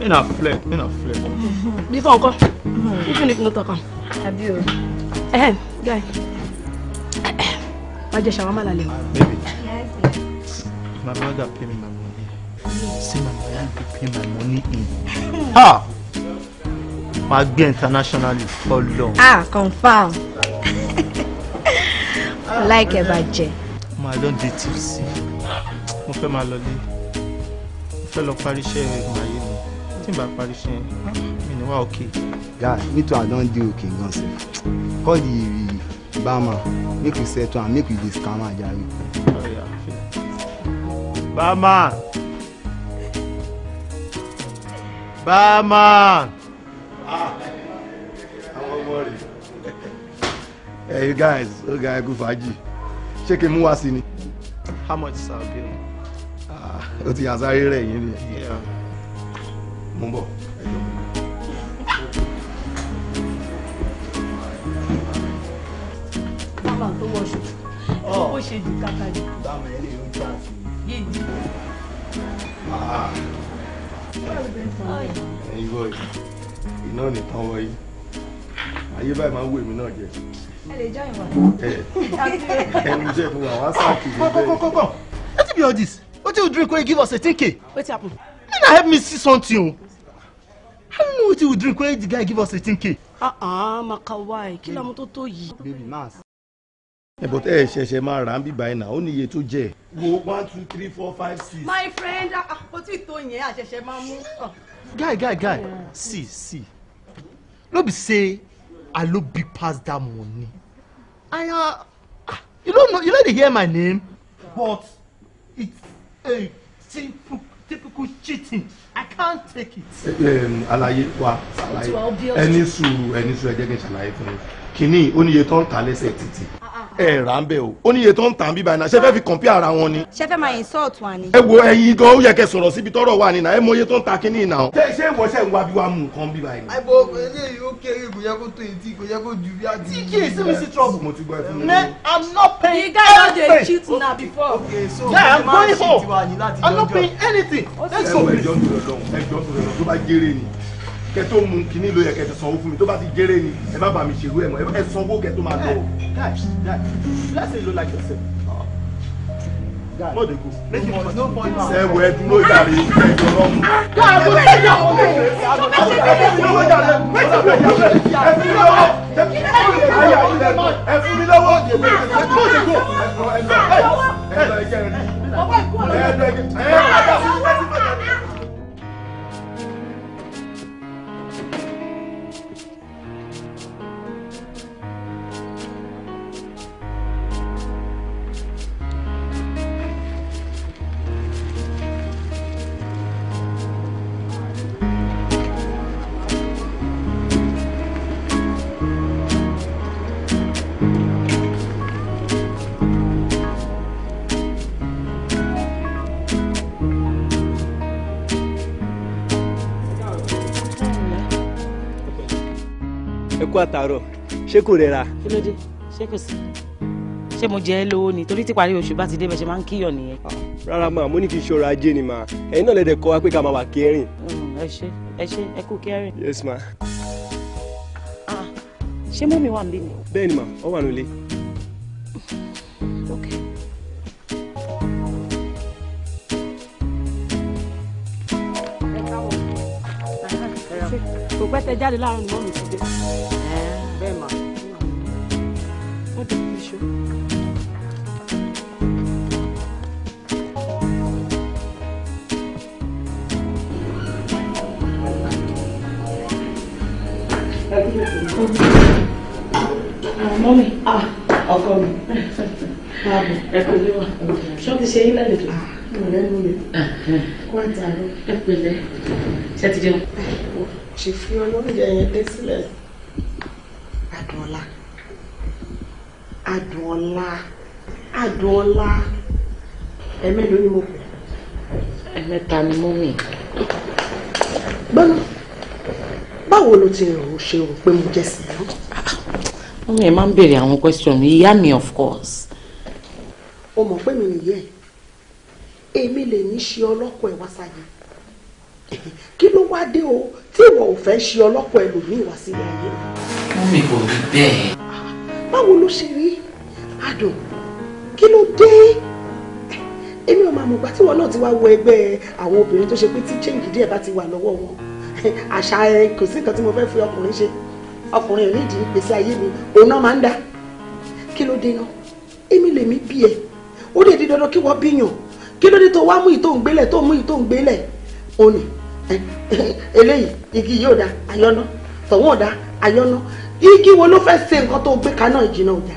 Me not flirt, me not flirt. This one, come. This one is not talk. Have you? Eh, guy. Why just shawarma lale? Baby. Yes, yes. My mother pay me my money. See, my mother pay my money in. Ha! Máa gbé internationally for long. Ah, confirm. like a bàjẹ́. Máa don't di tipsy. Mo fẹ́ máa lọ lé. Mo fẹ́ tí n bá parí ṣe ah, mi ni guy me too i don dey okay gan sef call the barman make we settle am make we dey scam am jare. barman barman. àwọn ọmọ rẹ Hey, you guys ó ga ẹ kú fàájì ṣé kí n mú wá ni. how much is our bill. Ah, ó ti yàn sáré rẹ̀ yín ni. Yeah mo ń bọ̀ ẹ jọ. bàbá tó wọṣọ bó ṣe jù kàkà jù. báwo ẹ lè yọjú àti. yéé di. ẹyin bọ iná nìkan wọ yìí ayé báyìí máa ń wò mí náà jẹ. all this wetin you drink when you give us a ticket? What's happened? make help me see something o i don't know what you we drink when the guy give us 18k. ah ah makawai kí lóun tó tó yìí. baby mass. ẹ eh, but eh, ẹ ṣẹ̀ṣẹ̀ máa rà á bí báyìí náà ó ní iye one two three four five six. my friend o ah, ah, ti tó yẹn àṣẹ̀ṣẹ̀ máa mu. guy guy guy see see no be say i look big past that money i uh, ah, you don't know you don't hear my name. but it's a simple typical cheating i can't take it. Eh, àlàyé wa àlàyé ẹni sùúrù ẹni sùúrù ẹ jẹ́ kí n ṣàlàyé fún yín kínní ó níye tó ń ta lẹ́sẹ̀ títì ẹ rà ń bẹ o ó ní iye tó ń tàn bíbá iná ṣe fẹ́ fi compare ara wọn ni. ṣe fẹ́ máa insult wa ni. ẹ wo ẹyin gan ó yẹ kẹ sọ̀rọ̀ síbi tọ́rọ̀ wà nínà ẹ mọ iye tó ń ta kínní ìnà. ṣé ṣé ìwọ ṣe ń wá bí wàá mú nǹkan bíbá yìí. àìbò eléyìí ó kéré kò yẹ kó tó etí kò yẹ kó ju bí àti. tí kì sí mi sí trouble. mo ti gbọ́ ẹ mi. I'm not paying anything. the guy don dey cheat na before. okay so yeah, kẹ tó mú kíní ló yẹ kẹ ti sanwó fún mi tó bá ti jèrè ni ẹ má bà mí ṣerú ẹ mọ ẹ sanwó kẹ tó máa lọ. guys guys let's say you like yourself. God. No, they go. Make no, no, no, no. Say where to know that is the wrong. God, go take your own. Ẹ fún mi lọ́wọ́. àtàrọ̀ ṣé kò rẹra. kí ló dé ṣé kò sí ṣé mo jẹ ẹ lówó ni torí tí parí oṣù bá ti dé bẹ ṣe máa ń kíyàn nìyẹn. Ah, rárá máa mo ní kí n ṣọrọ ajé ni máa ẹ̀yin náà lẹdẹ kọ wa pé ká máa wà kẹrin. Mm, ẹ ṣe ẹ ṣe ẹ kú kẹrin. yes ma. Ah, ṣé mọ́mi wà nílé ni. bẹ́ẹ̀ ni ma ọ wà nílé. pẹ́ tẹ jáde láàárọ̀ ni mọ́mì ti dé bẹ́ẹ̀ mà wọ́n ti fi ṣó. mọ́mì ah, ọkọ mi báàbò ẹ pẹ̀lú wa ṣọ́ọ̀bù ṣe yín lálejò. ọ̀rẹ́ mi ni kó àtàrà. ẹ ti jẹun ṣe fi olóúnjẹ yẹn dé sílẹ̀ Adùnọlá Adùnọlá Adùnọlá ẹ̀mẹ́lò ni mo pè ẹ̀mẹ́ta ni mo mì. gbọ́nà báwo ló ti rò ó ṣe rò pé mo jẹ́ sí i. wọ́n mi máa ń béèrè àwọn question mi ìyá mi of course. o mọ̀ pé mi nìyẹn èmi lè ní ṣe ọlọ́kọ̀ ẹ̀ wá sáyé kí ló wá dé o tí ìwọ ò fẹ́ ṣe ọlọ́pọ̀ ẹlòmíì wá sílẹ̀ ayé. wọ́n mi kò rí bẹ́ẹ̀. báwo ló ṣe rí adùn kí ló dé èmi ò máa mọ̀ gbà tí wọn náà ti wá wọ ẹgbẹ́ àwọn obìnrin tó ṣe pé tí change díẹ̀ bá ti wà lọ́wọ́ wọn àṣà ẹ kò sí nǹkan tí mo fẹ́ fi ọkùnrin ṣe ọkùnrin ò ní ìdí ìpèsè ayé mi òun náà máa ń dá kí ló dé náà èmi lèmi bí ẹ ó lè di dandan kí wọ́n bíyàn kí ló dé tó wá mú ìtòǹgbélẹ̀ tó mú ìtòǹgbélẹ̀ òní eléyìí igi yóò da ayọ́nà tọ̀wọ́n da ayọ́nà igi wo ló fẹ́ ṣe nǹkan tó gbé kaná ìjìnà ọjà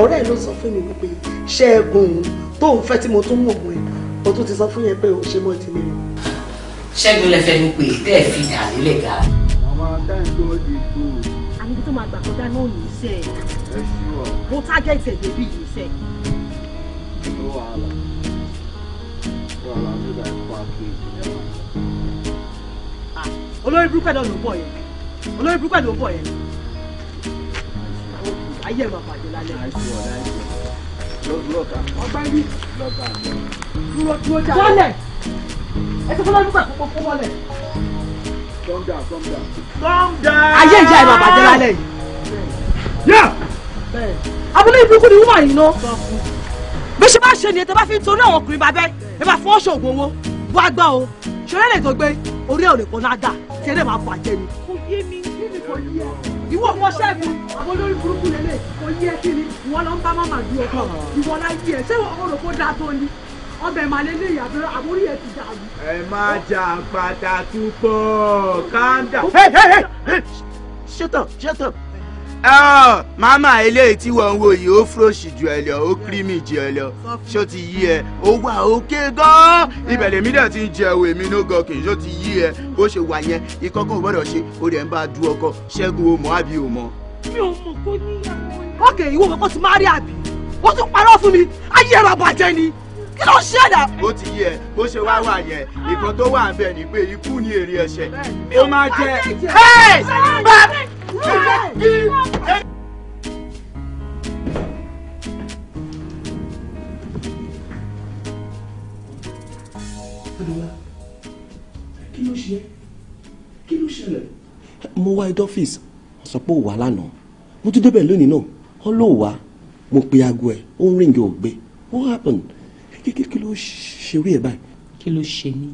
ọ̀rẹ́ ẹ̀ ló sọ fún mi wípé ṣẹ́ẹ̀gùn tó ń fẹ́ tí mo tún mọ̀ ògùn ẹ̀ o tún ti sọ fún yẹn pé o ṣe mọ́ ti mi rẹ̀. ṣẹ́gun lè fẹ́ mi pé tẹ́ ẹ̀ fi dà nílẹ̀ ga. màmá táyìntó di kú. àníbi tó máa gbà kọjá náà yìí sẹ́ ẹ̀. mo tágẹ́tì ẹ̀ débi yìí sẹ́. ó wàhálà wàhálà mi là ń pa kéèkì olórí burúkú ẹ̀dá ló ń bọ̀ yẹn olórí burúkú ẹ̀dá ló ń bọ̀ yẹn ayé ẹ̀ máa bàjẹ́ lálẹ́. ọgbẹ́ni dúró dúró jà wọlé ẹ ti fún olórí burúkú ẹ̀ kókó fún wọlé. calm down calm down. calm down. ayé ìyá ẹ̀ máa bàjẹ́ lálẹ́ yìí. yá. abúlé ìbúkú ni wúmọ̀ yìí ná bí ṣe bá ṣe ni ètò bá fi ń torí àwọn ọkùnrin bàbẹ́ ẹ bá fọwọ́ ṣògùn owó wá gbọ́ o ṣọlẹ́ lè tó gbé orí ẹ̀ ò lè pọ̀ náà dáa tẹ́lẹ̀ máa bàjẹ́ ni. kò yé mi kí ni kò yé ẹ ìwọ ọmọ ṣẹ́ẹ̀fù àwọn olórí burúkú lélẹ̀ kò yé ẹ kí ìwọ ló ń bá màmá du ọkọ ah. ìwọ láyé ẹ ṣé ọ̀rọ̀ kó dáa tó ni ọbẹ̀ máa lé léyìn àbúrò àbúrò yẹn ti dà lù. ẹ máa jà pàtàkì pọ̀ káńdà. ṣètò ṣètò màmá eléyìí tí wọ́n ń wò yìí ó fúròṣì jù ẹ lọ ó kírímì jù ẹ lọ ṣó ti yí ẹ ó wà òkè gan-an ibẹ̀ lèmi dẹ̀ ti ń jẹ òwe mi ló gan kì í ṣó ti yí ẹ bó ṣe wà yẹn ìkọ́kọ́ gbọ́dọ̀ ṣe ó dẹ̀ ń bá du ọkọ ṣẹ́gun o mọ̀ àbí o mọ̀. mi ò mọ̀ kó níyàwó. ọkẹ́ ìwọ kọ́kọ́ ti máa rí àbí wọ́n tún parọ́ fún mi ayé ẹ̀rọ àbàjẹ́ ni kí ló ń ṣe ẹ̀dá. bó ti yẹ bó ṣe wá wà yẹn nǹkan tó wà ń bẹ ni pé ikú ni èrè ẹ̀ṣẹ̀ ó máa jẹ. kí ló ṣe kí ló mo wá ẹ dọ́fíìsì sọ pé ó wà lánàá mo tún débẹ̀ lónìí náà ó lóò mo pe aago ẹ ó ń ríǹgì ò gbé what happened kí kí ló ṣe rí ẹ báyìí. kí ló ṣe ní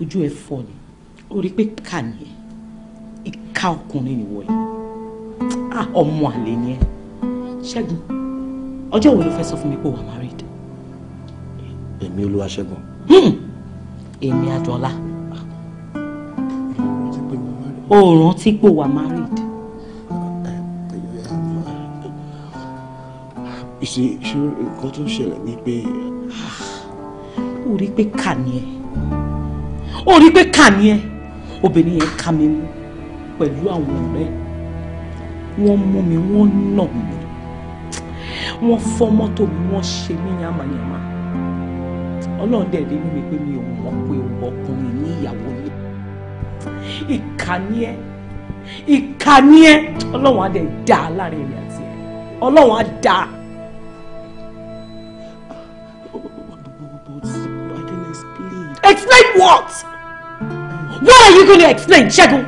ojú ẹ fọ ni ó rí pé kà ní ẹ ìka ọkùnrin nìwọ yìí ah, ọmọ àlè ni ẹ ṣẹ́gun ọjọ́ wo ló fẹ́ sọ fún mi pé wà á married. èmi olúwa ṣẹ́gun. Hmm. èmi adọ́lá o rántí pé wà á married. ṣe ṣe nǹkan tó ṣẹlẹ̀ ni pé ó rí pé kà ni ẹ ó rí pé kà ni ẹ obìnrin yẹn ká mi mú pẹ̀lú àwọn ọ̀rẹ́ wọ́n mú mi wọ́n nà mí wọ́n fọ́ mọ́tò mi wọ́n ṣe mí yàmàyàmà ọlọ́run dẹ̀ rí mi pé mi ò mọ̀ pé ọkùnrin ní ìyàwó ni ìkà ni ẹ ìkà ni ẹ ọlọ́run á dẹ̀ dá láàrin èmi àti ẹ ọlọ́run á dá a. Explain what? What are you going to explain, Ṣẹ́gun?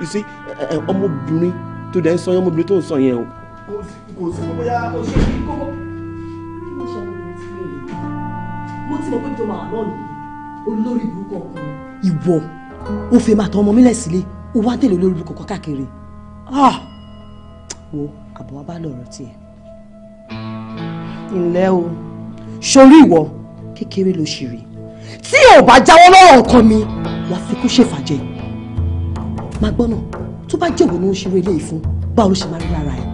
you see, ọmọbìnrin tó dẹ̀ ń sọ yẹn, ọmọbìnrin tó ń sọ yẹn o. Kò sí kó bóyá o ṣe kí kókó. Kí ló ṣe ọmọbìnrin tí mi rè é? Mo ti mọ̀ pé ìjọba àná nìyí, olórí burúkú ọkùnrin. Ìwọ, o fẹ́ máa tọ ọmọ o wá sórí ìwọ kékeré ló ṣì rí tí ò bá jáwọ́ lọ́rọ̀ nǹkan mi wà á fi kú ṣèfàjẹ́ má gbọ́ náà tó bá jẹ̀wọ́ ló ń ṣeré eléyìí fún báwo ló ṣe máa rí lára ẹ̀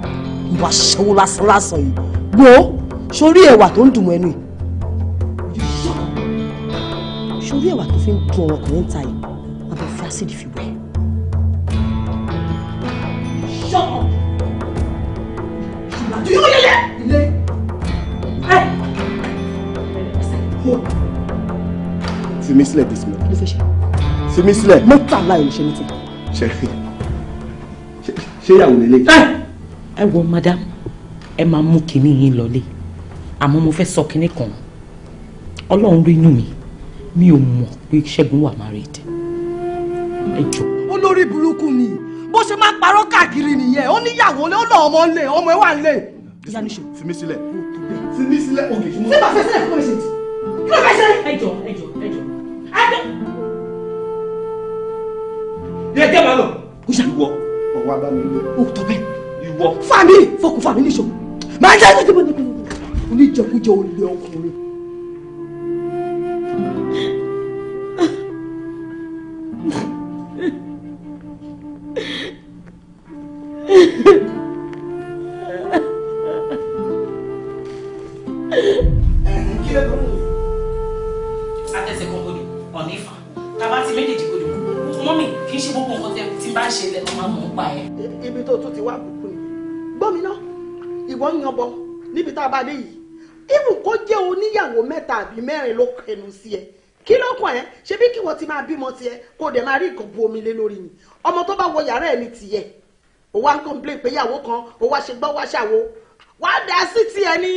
wà ṣẹ́wó lásán lásán yìí wo sórí ẹ̀wà tó ń dùn mọ́ ẹnu yìí sórí ẹ̀wà tó fi ń dùn ọkùnrin ta yìí wọ́n bẹ fi ásìdì fi wẹ̀. ṣọ́kọ̀ ṣùgbọ́n àdúyọ́ yẹlẹ ilé ẹ̀ fi mí sílẹ̀ dísìmọ̀. ló fẹ́ ṣe. fi mí sílẹ̀. mẹ́tàlá ẹ̀ ṣe mítìn. ṣe ṣe ìyàwó lélẹ̀. ẹ wo madam ẹ máa mú kinní yín lọlé àmọ́ mo fẹ́ sọ kinní kan ọlọ́run rí inú mi mi ò mọ̀ pé ṣẹ́gun wà married ẹ jọ. olórí burúkú ni bó ṣe máa parọ́ káàkiri nìyẹn ó níyàwó lé ó lọ ọmọ lé ọmọ ẹ wà lé. fi mí sílẹ̀ fi mí sílẹ̀ òkè. sí bàtà sílẹ̀ fún mi ṣe tí kí ló fẹ́ ṣe. ẹjọ ẹjọ ẹjọ ẹjọ. yẹ jẹ́ màá lọ. ó yà ìwọ. ọwọ́ abámi ló. o tọ bẹ́ẹ̀. ìwọ. fami fọkùn fami níṣọ. màá jẹ́ ẹni tí mo ní kúrò. oníjẹkújẹ olè ọkùnrin. tẹ̀sẹ̀ kan kodò ọ̀nà ìfà tábà ti méjèèjì kodò mọ́mì kì í ṣe gbogbo nǹkan tẹ ti bá ṣe lẹ́nu máa mọ̀ ń ẹ̀. ibi tó tún ti wá àbùkù ni gbọ́mìnà ìwọ ń yanbọ níbi tá a bá dé yìí ibù kó jẹ́ oníyàwó mẹ́ta àbí mẹ́rin ló kẹnu sí ẹ kí ló kàn ẹ́ ṣé bí kí ti máa bímọ tiẹ̀ kó o dẹ̀ máa rí nǹkan bu omi lé lórí ni ọmọ tó bá wọ yàrá ẹ̀ ní tiẹ̀ o wá ń complain pé ìyàwó kan o wá ṣe gbọ́ wá ṣàwo wá dá sí tiẹ̀ ní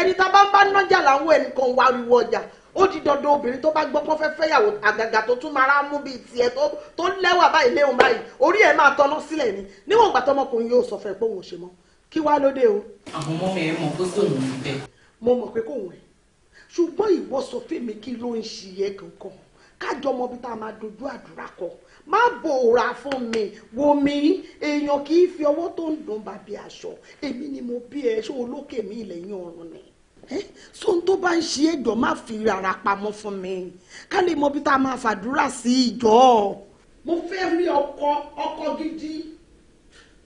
ẹni tá a bá ń bá nájà làwọn ẹnìkan wá ríwọ ọjà ó di dandan obìnrin tó bá gbọ́ pọ́n fẹ́ fẹ́yàwó àgàgà tó tún mara mú bíi tiẹ̀ tó lẹ́wà báyìí léhùn báyìí orí ẹ̀ máa tọ́nà sílẹ̀ ni níwọ̀n ìgbà tọmọkùnrin yóò sọ fẹ́ pé òun ò ṣe mọ́ kí wá ló o. àwọn ọmọ mi mọ pé kò ní bẹ. mo mọ̀ pé kò wọ̀n ẹ̀ ṣùgbọ́n ìwọ sọ fèmí kí ló ń ṣiyẹ kankan kájọ ọmọ bíi tá a máa dojú àdúrà kọ má bòórà fún mi wò mí èèyàn kì í fi ọwọ́ tó ń dùn bàbí aṣọ èmi ni mo bí ẹ ṣó olókè mi ilẹ̀ yín ọ̀run ni Eh, so n tó bá ń ṣe é jọ má fi ara pamọ́ fún mi ká lè mọ bí tá a máa fàdúrà sí ìjọ mo fẹ́ rí ọkọ ọkọ gidi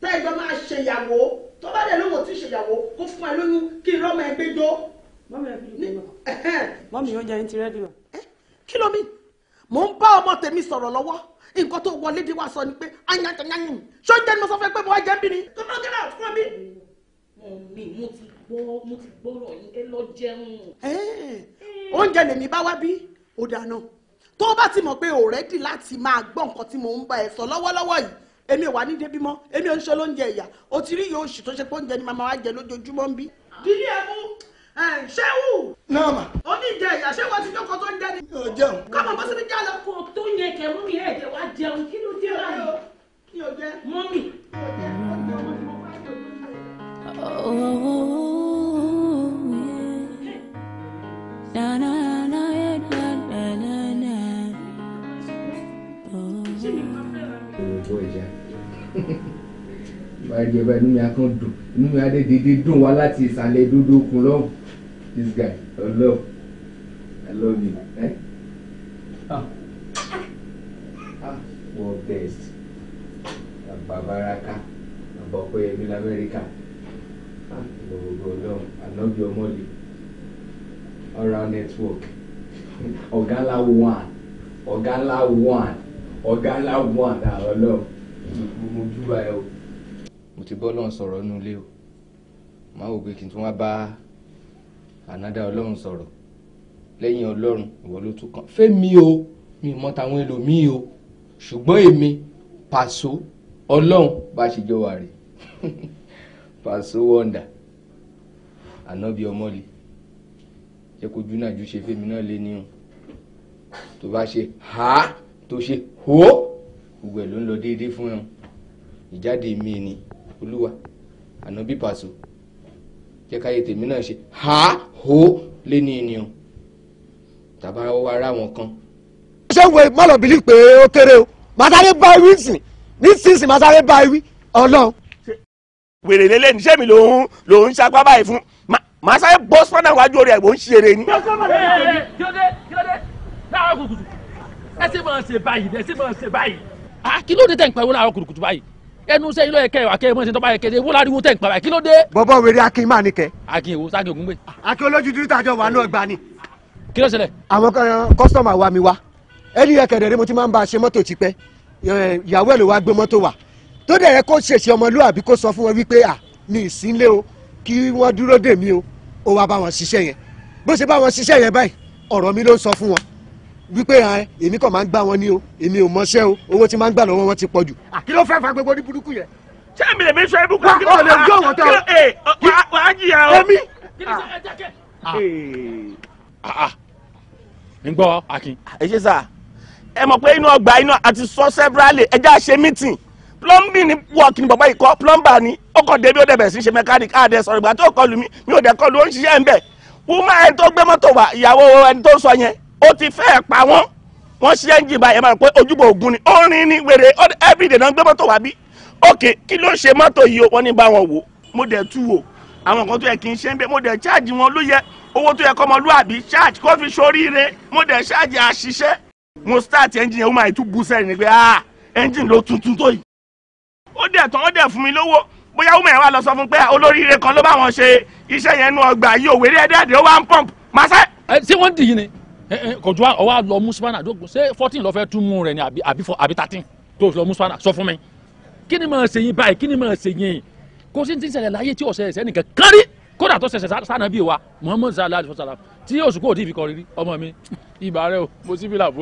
tá ìjọ máa ṣèyàwó tó bá dẹ̀ lóhùn tí ṣèyàwó kó fún ẹ lóyún kí n rọ́mọ ẹgbẹ́ jó. mọ́mí oúnjẹ yín ti rẹ́dí wa. Eh, kí ló mi mò ń bá ọmọ tèmi sọ̀rọ̀ lọ́wọ́ nǹkan tó wọlé dé wá sọ ni pé ayanyanyanyin ṣó jẹ́ ni mo sọ fẹ́ pé mo wá jẹ́ bí ni. kọ́kọ́ gbọ́ mo ti gbọ́rọ̀ yín ẹ lọ jẹun. oúnjẹ lèmi bá wá bí ó dáná tó bá ti mọ̀ pé ò rẹ́dì láti máa gbọ́ nǹkan tí mò ń bá ẹ sọ lọ́wọ́lọ́wọ́ yìí èmi wà ní débí mọ́ èmi ò ń ṣe lóúnjẹ ìyá o ti rí iye oṣù tó ṣe pé oúnjẹ ni màmá wa jẹ lójoojúmọ́ ń bí. dídí ẹ mú ṣéwù. náà mà. ó ní jẹ ìyá ṣé wọ́n ti jókòó tó ń jẹ ni. yóò jẹun. kọ́mọ bó síbi jẹ́ lọ. kò tó yẹ kẹ́ mú mi ẹ̀jẹ̀ wá jẹun kí ló dé báyìí. kí o jẹ. mọ́mì. kí o jẹ ìjọba inú mi akán dùn inú mi adédèdè dùn wá láti ìsàlẹ̀ dúdú okùn lọ́wọ́ this guy I love I love you. Eh? Ah. Ah, world best. Bàbá Baraka, Bàbá Ọpẹ́yẹmí l'Amẹ́ríkà gbogbo ọlọ́run ànábì ọmọlè oral network Ogala one Ogala one Ogala ńlá one àwọn ọlọ́run mo dúbà ẹ o. mo ti bọ́ lọ́n sọ̀rọ̀ nínú ilé o máa wò pé kí n tún wá bá ànádá ọlọ́run sọ̀rọ̀ lẹ́yìn ọlọ́run ìwọ ló tún kàn fẹ́mi o mi mọ tàwọn ẹlòmíì o ṣùgbọ́n èmi pàṣọ ọlọ́run bá ṣe jọ wà rèé. pàṣẹ wọ́ndà ànábì ọmọlé jẹ́ kojú náà ju ṣe fẹ́mi náà lé níhùn tó bá ṣe ha tó ṣe ho gbogbo ẹ̀ ló ń lọ déédéé fún ẹ̀ ìjáde mi ni olúwa ànábì pàṣẹ jẹ́ káyé tèmi náà ṣe ha ho lé ní ènìyàn tàbá wá ara wọn kan. ṣé wo mọ́lọ̀ bílí pé ó kéré o màtàrí bá nísinsìnyí màtàrí bá ọlọ́run wèrè lélẹ̀ níṣẹ́ mi lòun lòun ṣapá báyìí fún màá sáré bọ́ spanner wájú orí ẹ̀ mò ń ṣeré ni. ẹ ṣe máa ṣe báyìí ẹ ṣe máa ṣe báyìí. kí ló dé tẹ̀ ń pariwo láàárọ̀ kùtùkùtù báyìí ẹnu sẹ́yìn lọ́yẹ̀ kẹ́ àkẹ́ mọ́sẹ̀ tọ́ba yẹ kẹ́sẹ̀ wọ́láriwo tẹ̀ ń pariwo kí ló dé. bọ́bọ́ wèrè akin máa ní kẹ. akin èwo sákin ògúngbè. akin olójú dúdú tàjọ wà náà gbani. kí ló ṣẹlẹ̀. àwọn kọ́sítọ̀mù àwa mi wá ẹni yẹn ń ba ṣe mọ́tò tipẹ́ ìyàwó ẹ̀ ló wá gbé mọ́tò wá tó dẹ̀ yẹ kó ṣèṣe ọmọlúwàbí kó sọ fún wọn wípé à mi ì o kí wọ́n dúró dè mí o ó wá bá wọn ṣiṣẹ́ yẹn bó ṣe bá wọn ṣiṣẹ́ yẹn báyìí ọ̀rọ̀ mi ló ń sọ fún wọn wípé ẹ èmi kàn máa ń gbà wọn ní o èmi ò mọṣẹ́ o owó tí máa ń gbà lọ́wọ́ wọn ti pọ̀ jù. kí ló fẹ́ fa gbogbo ní burúkú yẹn. ṣé èmi lè mi sọ ibú kan kí ló fà eh, eh, á kí ló wà á jìyà o. èmi. ń gbọ́ Akin. ẹ ṣe sá ẹ mọ̀ pé inú ọgbà iná àti sọ sẹ́fúrálì ẹjẹ́ àṣẹ mítìn plumbing ni wọ kí ni bàbá yìí kọ́ plumber ni ọkọ̀ débi ó dẹ̀bẹ̀ sí ṣe mechanic àdẹ sọ̀rọ̀ ìgbà tó kọlù mi mi ò dẹ̀ kọlù ó ń ṣiṣẹ́ ń bẹ̀ wúmọ́ ẹni tó gbé mọ́tò wá ìyàwó ẹni tó sọ yẹn ó ti fẹ́ pa wọ́n wọ́n ṣiṣẹ́ ń jì báyìí máa rò ojúbọ ògùn ni ó rin ní wèrè everyday náà gbé mọ́tò wá bí ok kí ló ṣe mọ́tò yìí o wọ́n ní bá wọn wò mo dẹ̀ tú wò àwọn kan tó yẹ kí n ṣe ń bẹ mo dẹ̀ charge wọn ló yẹ owó tó yẹ kọ́ ọmọlúàbí charge kó fi ṣoríire mo dẹ̀ charge àṣìṣe mo start engine yẹn ó máa tún bú sẹ́yìn ni pé ah engine ló tuntun tó yìí ó dẹ̀ tán ó dẹ̀ fún mi lówó bóyá ó mẹ́rin wá lọ sọ fún pé ah, olóríire kan ló bá wọn ṣe iṣẹ́ yẹn nú ọgbà yìí òwéré ẹ̀dẹ́ẹ̀dẹ́ ó wá ń pọ́ǹpù máa ẹ ṣé wọ́n ń dìyìn ni kòjú ọwọ́ àlọ́ musulmana dógún ṣé fourteen lọ́ọ́ fẹ́ tún mú rẹ̀ ni àbí thirteen tó lọ musulmana sọ fún mi kí ni máa ṣe yín báyìí kí ni máa ṣe yín kò sí ti ń ṣẹlẹ̀ láyé tí ò ṣẹlẹ̀ sẹ́nìkan kárí kódà tó ṣẹṣẹ sànà bíi wa muhammed salah alayhi wa sallam tí oṣù kò tí ì fi kọrin ọmọ mi ibà rẹ o mo ti fi là o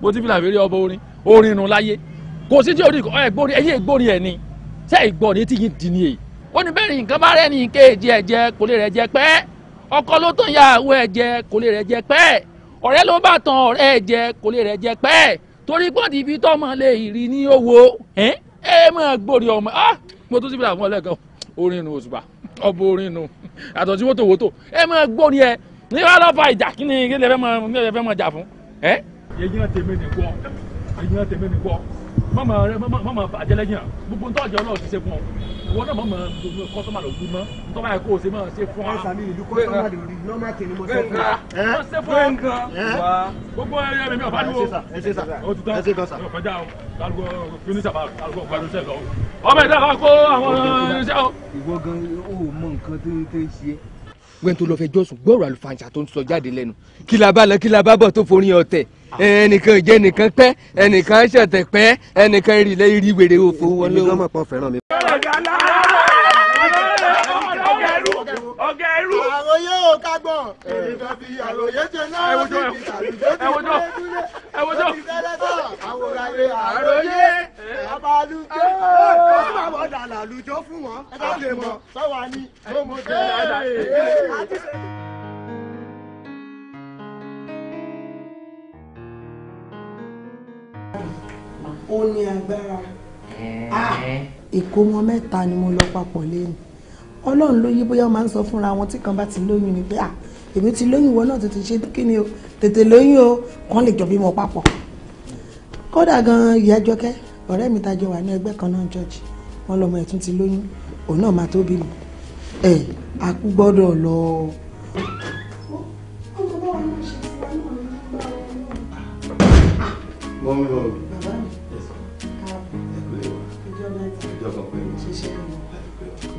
mo ti fi là borí orin orin nu láyé kò sí tí o ní ẹgbóni ẹyẹ ìgbóni ẹ ni ṣé ìgbóni tí yìí di ni èyí ó ní bẹ́ẹ̀ ni nǹkan bá rẹ̀ ní kéèjì ẹ̀jẹ̀ kò lè rẹ̀ jẹ pẹ́ ọkọ ló tàn yàwó ẹ̀jẹ̀ kò lè rẹ̀ jẹ pẹ́ ọ̀rẹ́ ló bá tan ọ̀rẹ́ ẹ̀jẹ̀ kò lè rẹ̀ jẹ pẹ́ torí gbọ́dọ̀ ibi tọ́mọ lè rí ní owó ẹ mọ̀ gbòòrì ọmọ ah mo tún ti fi àwọn ọlẹ́kan orin nu òṣùpá ọbọ orin nu àtọ̀tí wótòwótò ẹ mọ̀ gbòòrì ẹ ní wàá lọ́ọ́ fa ìjà kí ni kí lè fẹ́ mọ̀ jà fún ẹ. èyí náà tèmi nìkọ́ èyí náà tèmi nìkọ́ mọ̀mọ́ rẹ mọ̀mọ́ gbogbo ntọ́ àjọ ọlọ́ọ̀ fún ọ ìwọ náà mọ̀mọ́ gbogbo kọ́sọ́mà ló gbúmọ́ ntọ́ báyìí kó o ṣe ṣe fún ọ. ẹ̀sà mi ìlú kọ́sọ́mà ló rí nọ́mà kìíní mo sọ fún ẹ. wọ́n ṣe fún ọ gbogbo ẹyẹ mi ọ̀bá dúró ẹ ṣe sà ẹ ṣe sà ọ̀kọjá o alùpùpù fúnisàbà alùpùpù gbàdúrà lọ ọmọ ìdá wẹ́n tó lọ fẹ́ jọ́sùn gbọ́rọ̀ àlùfàǹṣà tó ń sọ jáde lẹ́nu kí la bá lọ kí la bá bọ̀ tó forí ọ̀tẹ̀ ẹnìkan jẹ́ ẹnìkan pẹ́ ẹnìkan ṣọ̀tẹ̀ pẹ́ ẹnìkan ìrìlẹ̀ ìrìwèrè òfò wọlé o. ẹnìkan mọ̀ pọ̀ fẹ́ràn mi ọ̀gá ẹrú. àròyé ò kágbọ̀n èmi kan fi àròyé ṣe náà sí ìtàlùjẹ́ ti wọlé dúlé ó ti sẹ́lẹ̀tọ̀ àwòrán rẹ̀ àròyé abalùjẹ́ ó sì máa wọ̀dà làlùjọ́ fún wọn ẹ bá lè mọ̀ sọ́wọ́ ni ó mọ̀ jẹ́ ó ní agbára ah, ìkómọ mẹ́ta ni mo lọ papọ̀ lẹ́nu ọlọ́run ló yí bóyá máa ń sọ fúnra wọn tí kan bá ti lóyún ni pé à èmi ti lóyún ìwọ náà tètè ṣe kí ni o tètè lóyún o kàn lè jọ bímọ papọ̀ kódà gan-an ìyá jọkẹ́ ọ̀rẹ́ mi tajọ wà ní ẹgbẹ́ kan náà jọ́ọ̀jì wọn lọmọ ẹ̀tún ti lóyún òun náà máa tó bímọ ẹ àkú gbọ́dọ̀ lọ. mọ́mí mọ́mí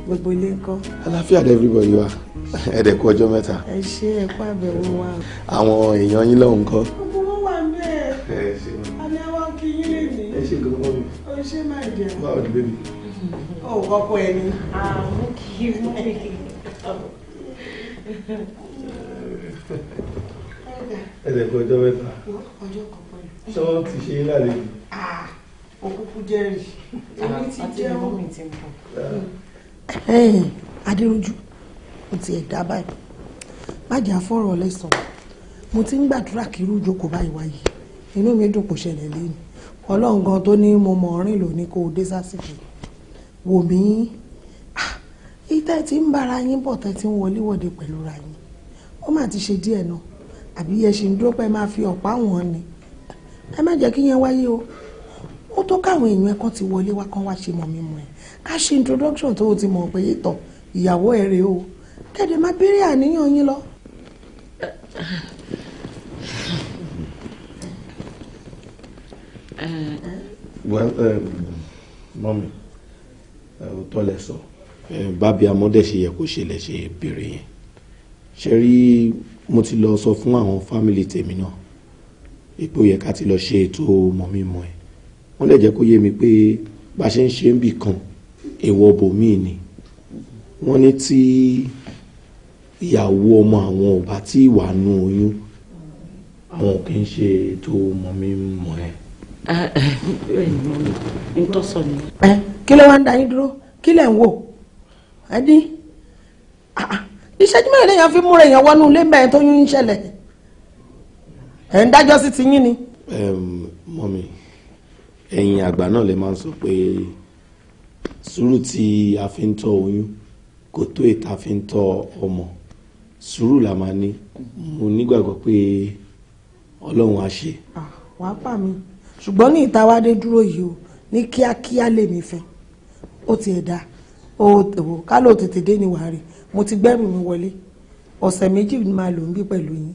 gbogbo ilé ńkọ́. aláfíà dé everybody wa ẹ̀dẹ̀ kú ọjọ́ mẹ́ta. ẹ ṣe ẹ kú àbẹ̀wò wa. àwọn èèyàn yín lọ́hùn kọ́. gbogbo wọn wà ń bẹ́ẹ̀. ẹ ṣe mọ. àmì àwọn kí yín lè ní. ẹ ṣe gbogbo mi. o ṣe máa jẹ. báwo ni bébì. o kọ́kọ́ ẹ ní. àmú kì í mú mi. ẹ̀dẹ̀ kú ọjọ́ mẹ́ta. ọjọ́ kọ̀ọ̀kan. ṣé wọ́n ti ṣe é lálejò. òkúkú ah, jẹ́rìí. èmi ti jẹ́ òmìnir adéròjú mo ti ẹ̀ dá báyìí má jẹ́ àfọ̀rọ̀ lẹ́sàn mo ti ń gbàdúrà kí irú ìjókòó báyìí wáyé inú mi dùn kò ṣẹlẹ̀ lẹ́yìn ọlọ́run gan tó ní mo mọ̀ ọ́rìn lò ní kó o dé sásìkò wò mí ìtẹ́ ah, tí ń bára yín bọ̀ tẹ́ tí ń wọléwọ̀de pẹ̀lú ra yín ó mà ti ṣe díẹ̀ náà àbí ẹ ṣì ń dúró pé máa fi ọ̀pá wọn ni ẹ má jẹ́ kí yẹn wáyé o ó tó káwọn èèyàn ẹ kàn ti wọlé wá kán wá ṣe mọ̀mímọ̀ ẹ̀ á ṣe introduction tó o ti mọ̀ pé tọ̀ ìyàwó ẹ̀ rèé o kẹ́dẹ̀ má béèrè àníyàn yín lọ. well um, mọ́mi òótọ́ lẹ sọ bábí amọ́dé ṣe yẹ kó ṣe lẹ ṣe béèrè yẹn ṣe rí mo ti lọ sọ fún àwọn fámìlì tèmi náà ipò yẹ ká ti lọ ṣe ètò mọ̀mímọ́ ẹ̀ wọ́n lè jẹ́ kó yé mi pé bá a ṣe ń ṣe ń bì kan èèwọ̀ bòmíì ni wọ́n ní tí ìyàwó ọmọ àwọn ò bá tí ì wà nù oyún àwọn ò kì í ṣe tó mọ mi mọ ẹ. Ah, eh, n tó sọ ni. ẹ kí ló wá ń da yín dúró kí lẹ̀ ń wò ẹdí ìṣẹ́jú ah, ah, mẹ́rin lèèyàn fi múra èèyàn wọnú ilé mẹ́rin tó yún ṣẹlẹ̀ ẹ̀ ń dájọ́ sí ti yín ni. mọ́mi ẹ̀yin àgbà náà lè máa ń sọ pé sùúrù tí a fi ń tọ́ oyún kò tó ìta fi ń tọ́ ọmọ sùúrù la máa ní mo nígbàgbọ́ pé ọlọ́run á ṣe. wàá bà mí ṣùgbọ́n ní ìta wádé dúró yìí o ní kíákíá lèmi fẹ́ ó ti ẹ̀ dá o ká ló tètè dé ni wàá rí mo ti gbẹ́rù mi wọlé ọ̀sẹ̀ méjì ni màá lò ń bí pẹ̀lú yín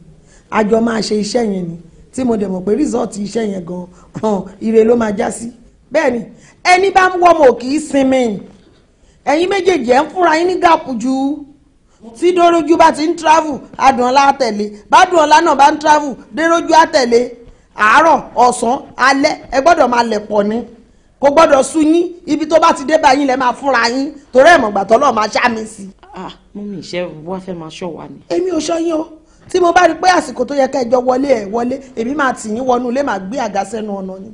àjọ máa ṣe iṣẹ́ yẹn ni tí mo dẹ̀ mọ̀ pé rìsọ́ọ̀tì iṣẹ́ yẹn gan-an ire ló máa já sí. Si bẹ́ẹ̀ ni ẹni bá ń wọ́mọ̀ kì í sinmi ẹ̀yin méjèèjì ẹ̀ ń fúnra yín ní gàpù ju tí dórójú bá ti ń travel adùnọ́lá àtẹ̀lé bádùnọ́lá náà bá ń travel dérójú àtẹ̀lé àárọ̀ ọ̀sán alẹ́ ẹ gbọ́dọ̀ máa lẹ̀ pọ̀ ni kò gbọ́dọ̀ sú yín ibi tó bá ti dé báyìí lẹ́ máa fúnra yín torí ẹ̀ mọ̀gbà tọ́lọ́ máa ṣá mi sí. mú mi ìṣe wá fẹ́ máa ṣọ́ wa ni. èmi ò ṣọ́ yín o tí mo bá rí i pé àsìkò tó yẹ kẹjọ wọlé ẹ̀ wọlé èmi máa tì yín wọnú ilé máa gbé àga ọ̀nà ni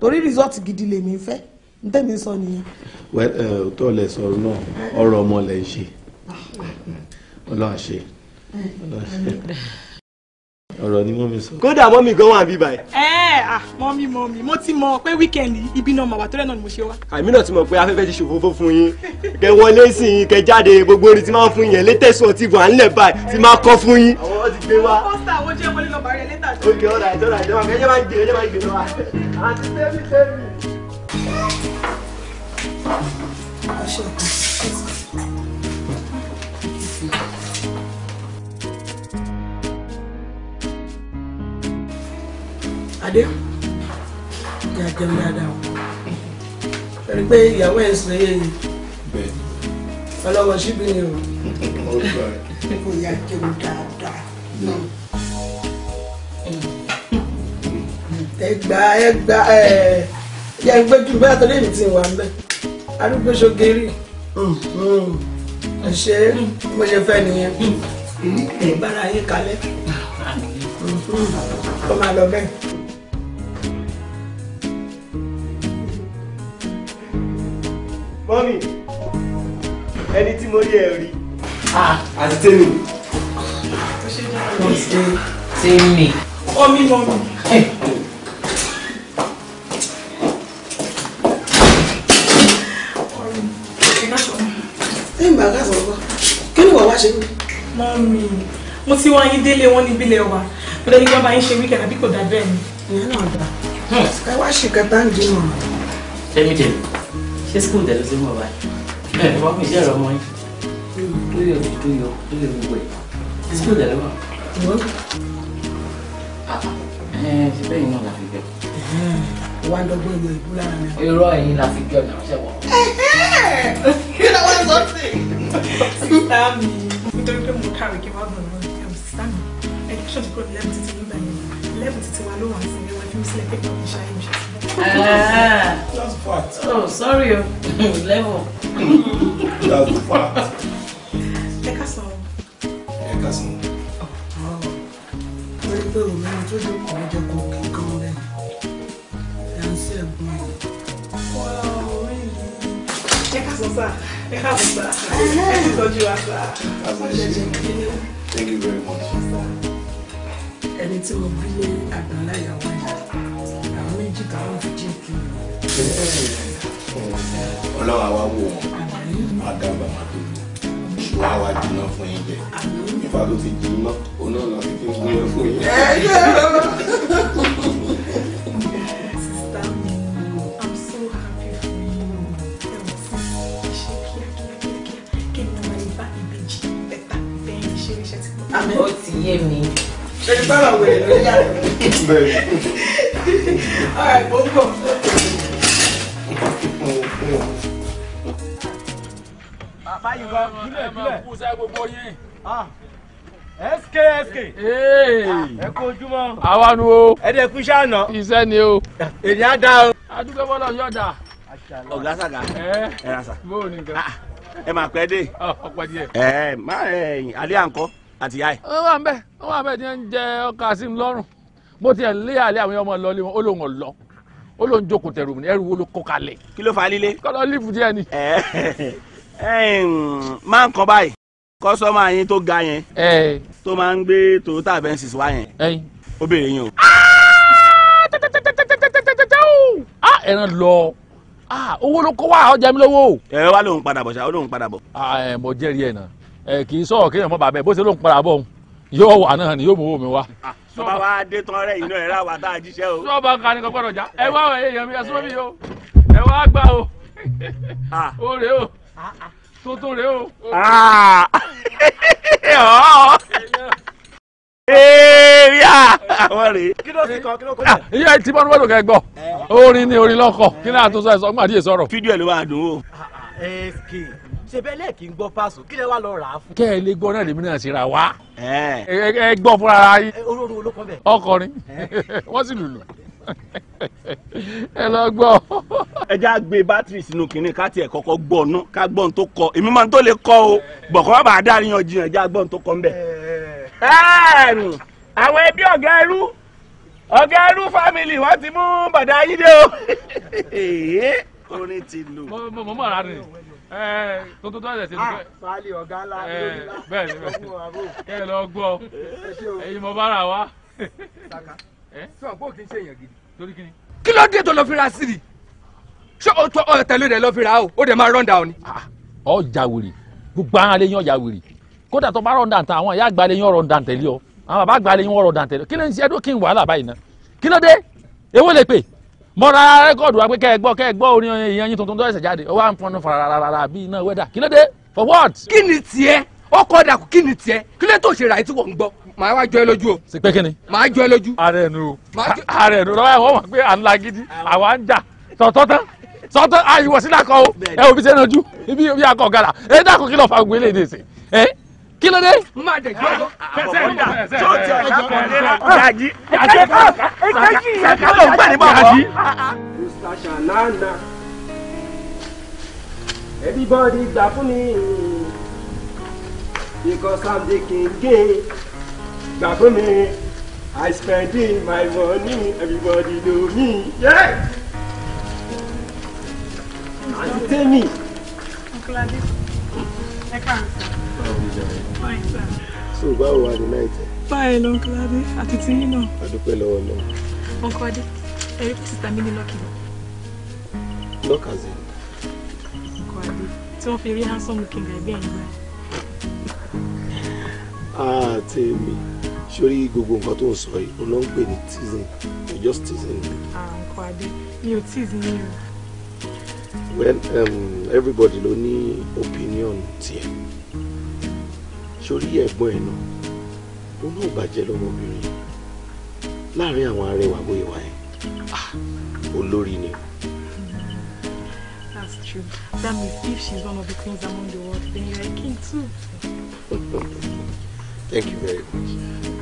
torí result gidi lèmi fẹ́ n tẹ́mi sọ nìyẹn. wẹ́ ẹ tó lẹ sọ̀rọ̀ náà ọ̀rọ̀ ọmọ lẹ ń ṣe ọlọ́run ṣe ọlọ́run ṣe ọ̀rọ̀ ni mọ́mí sọ. kódà mọ́mí gan wà bí báyìí. ẹ ẹ ah, mọ́mí mọ́mí mo ti mọ pé wíkẹ́ndì ibi náà màwà tó rẹ̀ náà ni mo ṣe wá. àmì náà ti mọ̀ pé afẹ́fẹ́ ti ṣòfófó fún yín kẹ wọlé sí yín kẹ jáde gbogbo orin tí máa ń fún yín létẹ̀sùn ọtí bọ̀ à ń lẹ̀ báyìí tí máa kọ́ fún yín. àwọn ti gbé wa. pọ́sítà wo jẹ́ wọlé lọ́ba rẹ̀ létà. òkè ọ̀rọ̀ àìjọ́ra Adé kí a jẹun dáadáa o rí i pé ìyàwó ẹ̀ ń sọ eyé yìí ọlọ́wọ́ síbi ni o kò yá jẹun dáadáa ẹgbà ẹgbà ẹ yẹ gbé jù bẹ́ẹ̀ tó léèmí ti wà ń bẹ́ arúgbó ṣogeri ṣe mo ṣe fẹ́ nìyẹn ìbára yín kalẹ̀ kó máa lọ bẹ́ẹ̀. mọ́mì ẹni tí mo rí ẹ ah, rí. Ah, àti tèmi. ó ṣe dáhùn. tèmi. ọmí mọ́mì. ẹ̀yìn bàgá sọ̀rọ̀ wa kí ni wàá wá ṣe mí. mọ́mì mo ti wá yín délé wọn níbí lẹ́wà mo dẹ́ni kí wọ́n bá yín ṣe wíkẹ̀ tàbí kò dá bẹ́ẹ̀ ni. ìyẹn náà dà ẹ wá ṣe kẹta ń dín mọ́. tẹ́mi tẹ́mi ṣé skul tẹ̀lé sí mọ̀ báyìí ẹ̀ ẹ̀ wọ́n mi jẹ́ ọ̀rọ̀ ọmọ yín lórí omi tó yọ lórí omi wẹ̀ skul tẹ̀lé mọ̀. Ah, ṣe bẹ́ẹ̀ yín náà la fi bẹ́ẹ̀. wà á dọ́gbọ́n ìlú ìbú lára mi. irọ́ ẹ̀yin la fi bẹ́ẹ̀ náà ṣe wọ̀. kí ló wá sọ sí i. sísá mi nítorí pé mo kàwé kí n wá bọ̀ lọ́wọ́ sísá mi ẹ̀kí ṣọ́ọ̀tì kúrò lẹ́bù títí nígbà yẹn lẹ́bù títí wa ló fi that's ah. fact. oh sorry o level. that's fact. ẹ ká sọ. ẹ ká sọ. Oh, wọ́n rí pé òun ẹni thank you very much. ẹni tí mo bí jìgà wọn fi jẹ́ kí n. ọlọ́wà wa wò wọ́n wá dábàá tó lù wá wá jiná fún yín jẹ ìfà tó fi jiná òun náà lọ fi fún yín fún yín. Ó ti yé mi. Ẹni bá wẹ̀ ló yára. All right, go. Bàbá ah. nu o. Ẹ kú iṣẹ́ àná. Iṣẹ́ ni o. á o. Adúgbò bọ́lá yọ̀dà. Ọ̀gá sàgá. Ẹ ẹ rasa. Ah, ẹ máa pẹ́ dé. Ah, Ọ̀pẹ díẹ̀. Ẹ máa ẹ̀yìn alẹ́ à ń kọ́ àti ìyá ẹ̀. Ó wà ń bẹ̀ ó wà ń bẹ̀ ń jẹ ọkà sí mo tiẹ̀ lé àlẹ́ àwọn ọmọ lọ lé wọn ó lóun ọ̀ lọ ó lóun jókòó tẹ̀rù ní ẹrù wo ló kó kalẹ̀. kí ló fà á líle. kọ́lọ́ lífù díẹ̀ ni. máa ń kọ́ báyìí kọ́sọ́mà yín tó ga yẹn tó máa ń gbé Toyota Avensis wá yẹn ó béèrè yín o. ẹran lọ owó ló kó wá ọjà mi lówó. ẹ wá lóun padà bọ̀ ṣá lóun padà bọ̀. mo jẹ́rìí ẹ̀ náà kì í sọ̀rọ̀ kéèyàn mọ́ bàbá ẹ̀ bó ṣe lóun padà bọ̀ yóò wà náà ni yóò mú owó mi wá sọba wa dé tán rẹ iná ẹ rà wà tá a jíṣẹ́ o. sọba kan ni kò gbọ́dọ̀ já ẹ wá àwọn èèyàn mi ẹ súnmọ́ mi o ẹ wá gbà o o rè o tuntun rè o. Eya àwọn rè. Kí ló ti kọ kí ló kọ bẹ́ẹ̀? Iye tí bọ́dún bọ́dún kẹ gbọ́. Orin ni orin lọ́kọ̀. Kí ni àtúnṣe ẹ̀sọ́ gbàdí èso ọ̀rọ̀? Fídíò ẹ̀ ló wà dùn o ṣe bẹ́ẹ̀ lẹ́ẹ̀kì ń gbọ́ pàṣọ kí lẹ wá lọ rà á fún. kẹ́ ẹ lè gbọ́ náà lèmi náà ṣe ra wá. ẹ gbọ́ fúnra ara yín. olórin olókọ bẹ̀. ọkọrin wọ́n sì lùlù. ẹ lọ gbọ́. ẹ já gbé bátìrì sínú kínní ká tiẹ̀ kọ́kọ́ gbọ́ ọ̀nà ká gbọ́ ohun tó kọ èmi máa ń tó lè kọ́ o bọ̀kọ́ bá a dá àríyàn jiyàn ẹ já gbọ́ ohun tó kọ́ ń bẹ̀. àwọn ẹbí ọ̀gá ẹrú ọ̀gá ẹrú fámìlì wọ́n ti mú bàdá yín dé o. orin ti lù. mo mọ̀ ara rẹ̀. Eh, tuntun tó ẹsẹ̀ ṣe. Ah, fàálì ọ̀gá ńlá eh, lórílá bẹ́ẹ̀ ni kẹ́ ẹ lọ gbọ́ ẹyin mo bára wa. sọ̀n bó kì í ṣe èèyàn gidi. torí kí ni. kí ló dé tó lọ fi ra síri ṣé o tọ ọ tẹ̀lé rẹ lọ fi ra o ó dẹ̀ máa rọ́ǹda ọ ni. ọjà ah, wèrè gbogbo àwọn alẹ́ yín ọjà wèrè kódà tó bá rọ́ǹda tán àwọn ìyá àgbà lè yín ọ̀rọ̀ dàn tẹ̀lé ọ àwọn bàbá àgbà lè yín ọ̀rọ̀ tẹ̀lé kí ló ń ṣe ẹdún kí n wàhálà mo ra rẹ́kọ̀dù wa pé kẹ́ ẹ gbọ́ kẹ́ ẹ gbọ́ orin èèyàn yín tuntun tó ẹsẹ̀ jáde ó wà ń fọnú fararara bí iná wẹ́dà kí ló dé for what. kí ni tiẹ̀ ọkọ̀ ọ̀dà kò kí ni tiẹ̀ kí ló tó ṣe ra èyí tí wọ́n ń gbọ́ màá wá jọ ẹ lójú o. ṣe pé kí ni. màá jọ ẹ lójú. ara ẹnu o ara ẹnu lọ́wọ́ ẹ̀wọ̀n wọn pé à ń la gidi àwa ń jà sọ̀tọ́ tán sọ̀tọ́ àyíwọ̀ sílá kan o ẹ òbí sẹ́nu ojú ibi akọ̀ gàrà ẹ dákun kí lọ́ọ́ fa gbélé ní ìsìn ẹ kí ló dé. n máa jẹ jọ fẹsẹ̀ ń dà tó ti ọ̀dà kan lé la. yàjí yàjí yàjí yàjí ló ń gbà ní bàbá. mr shalana everybody gbà fún mi because i'm the king gay gbà fún mi i spending my money everybody know me. Yeah. àti tèmi. ọ̀kùnrin adé ẹ̀ka àǹtí so báwo wà ní náà ìtẹ. báyìí lọ ọkọ adé àti tìyín náà. a dúpẹ́ lọ́wọ́ náà. Uncle, adé ẹ̀rí fún sísá mi ní lọ́kì. lọ́kà sí. ọkọ adé tí wọ́n fi rí handsome looking guy bẹ́ẹ̀ nígbà. ah tèmi sórí gbogbo nǹkan tó ń sọ yìí ó ló ń pè ní teasing you just teasing me. ah ọkọ adé mi ò tease yín o. well um, everybody ló ní opinion tiẹ̀ sórí ẹ̀gbọ́n ẹ̀ náà ó náà bàjẹ́ lọ́mọbìnrin láàrin àwọn arẹwà bó ìwà ah, olórí ni. That's true. That means if she's one of the queens among the world, then you're a king too. Thank you very much.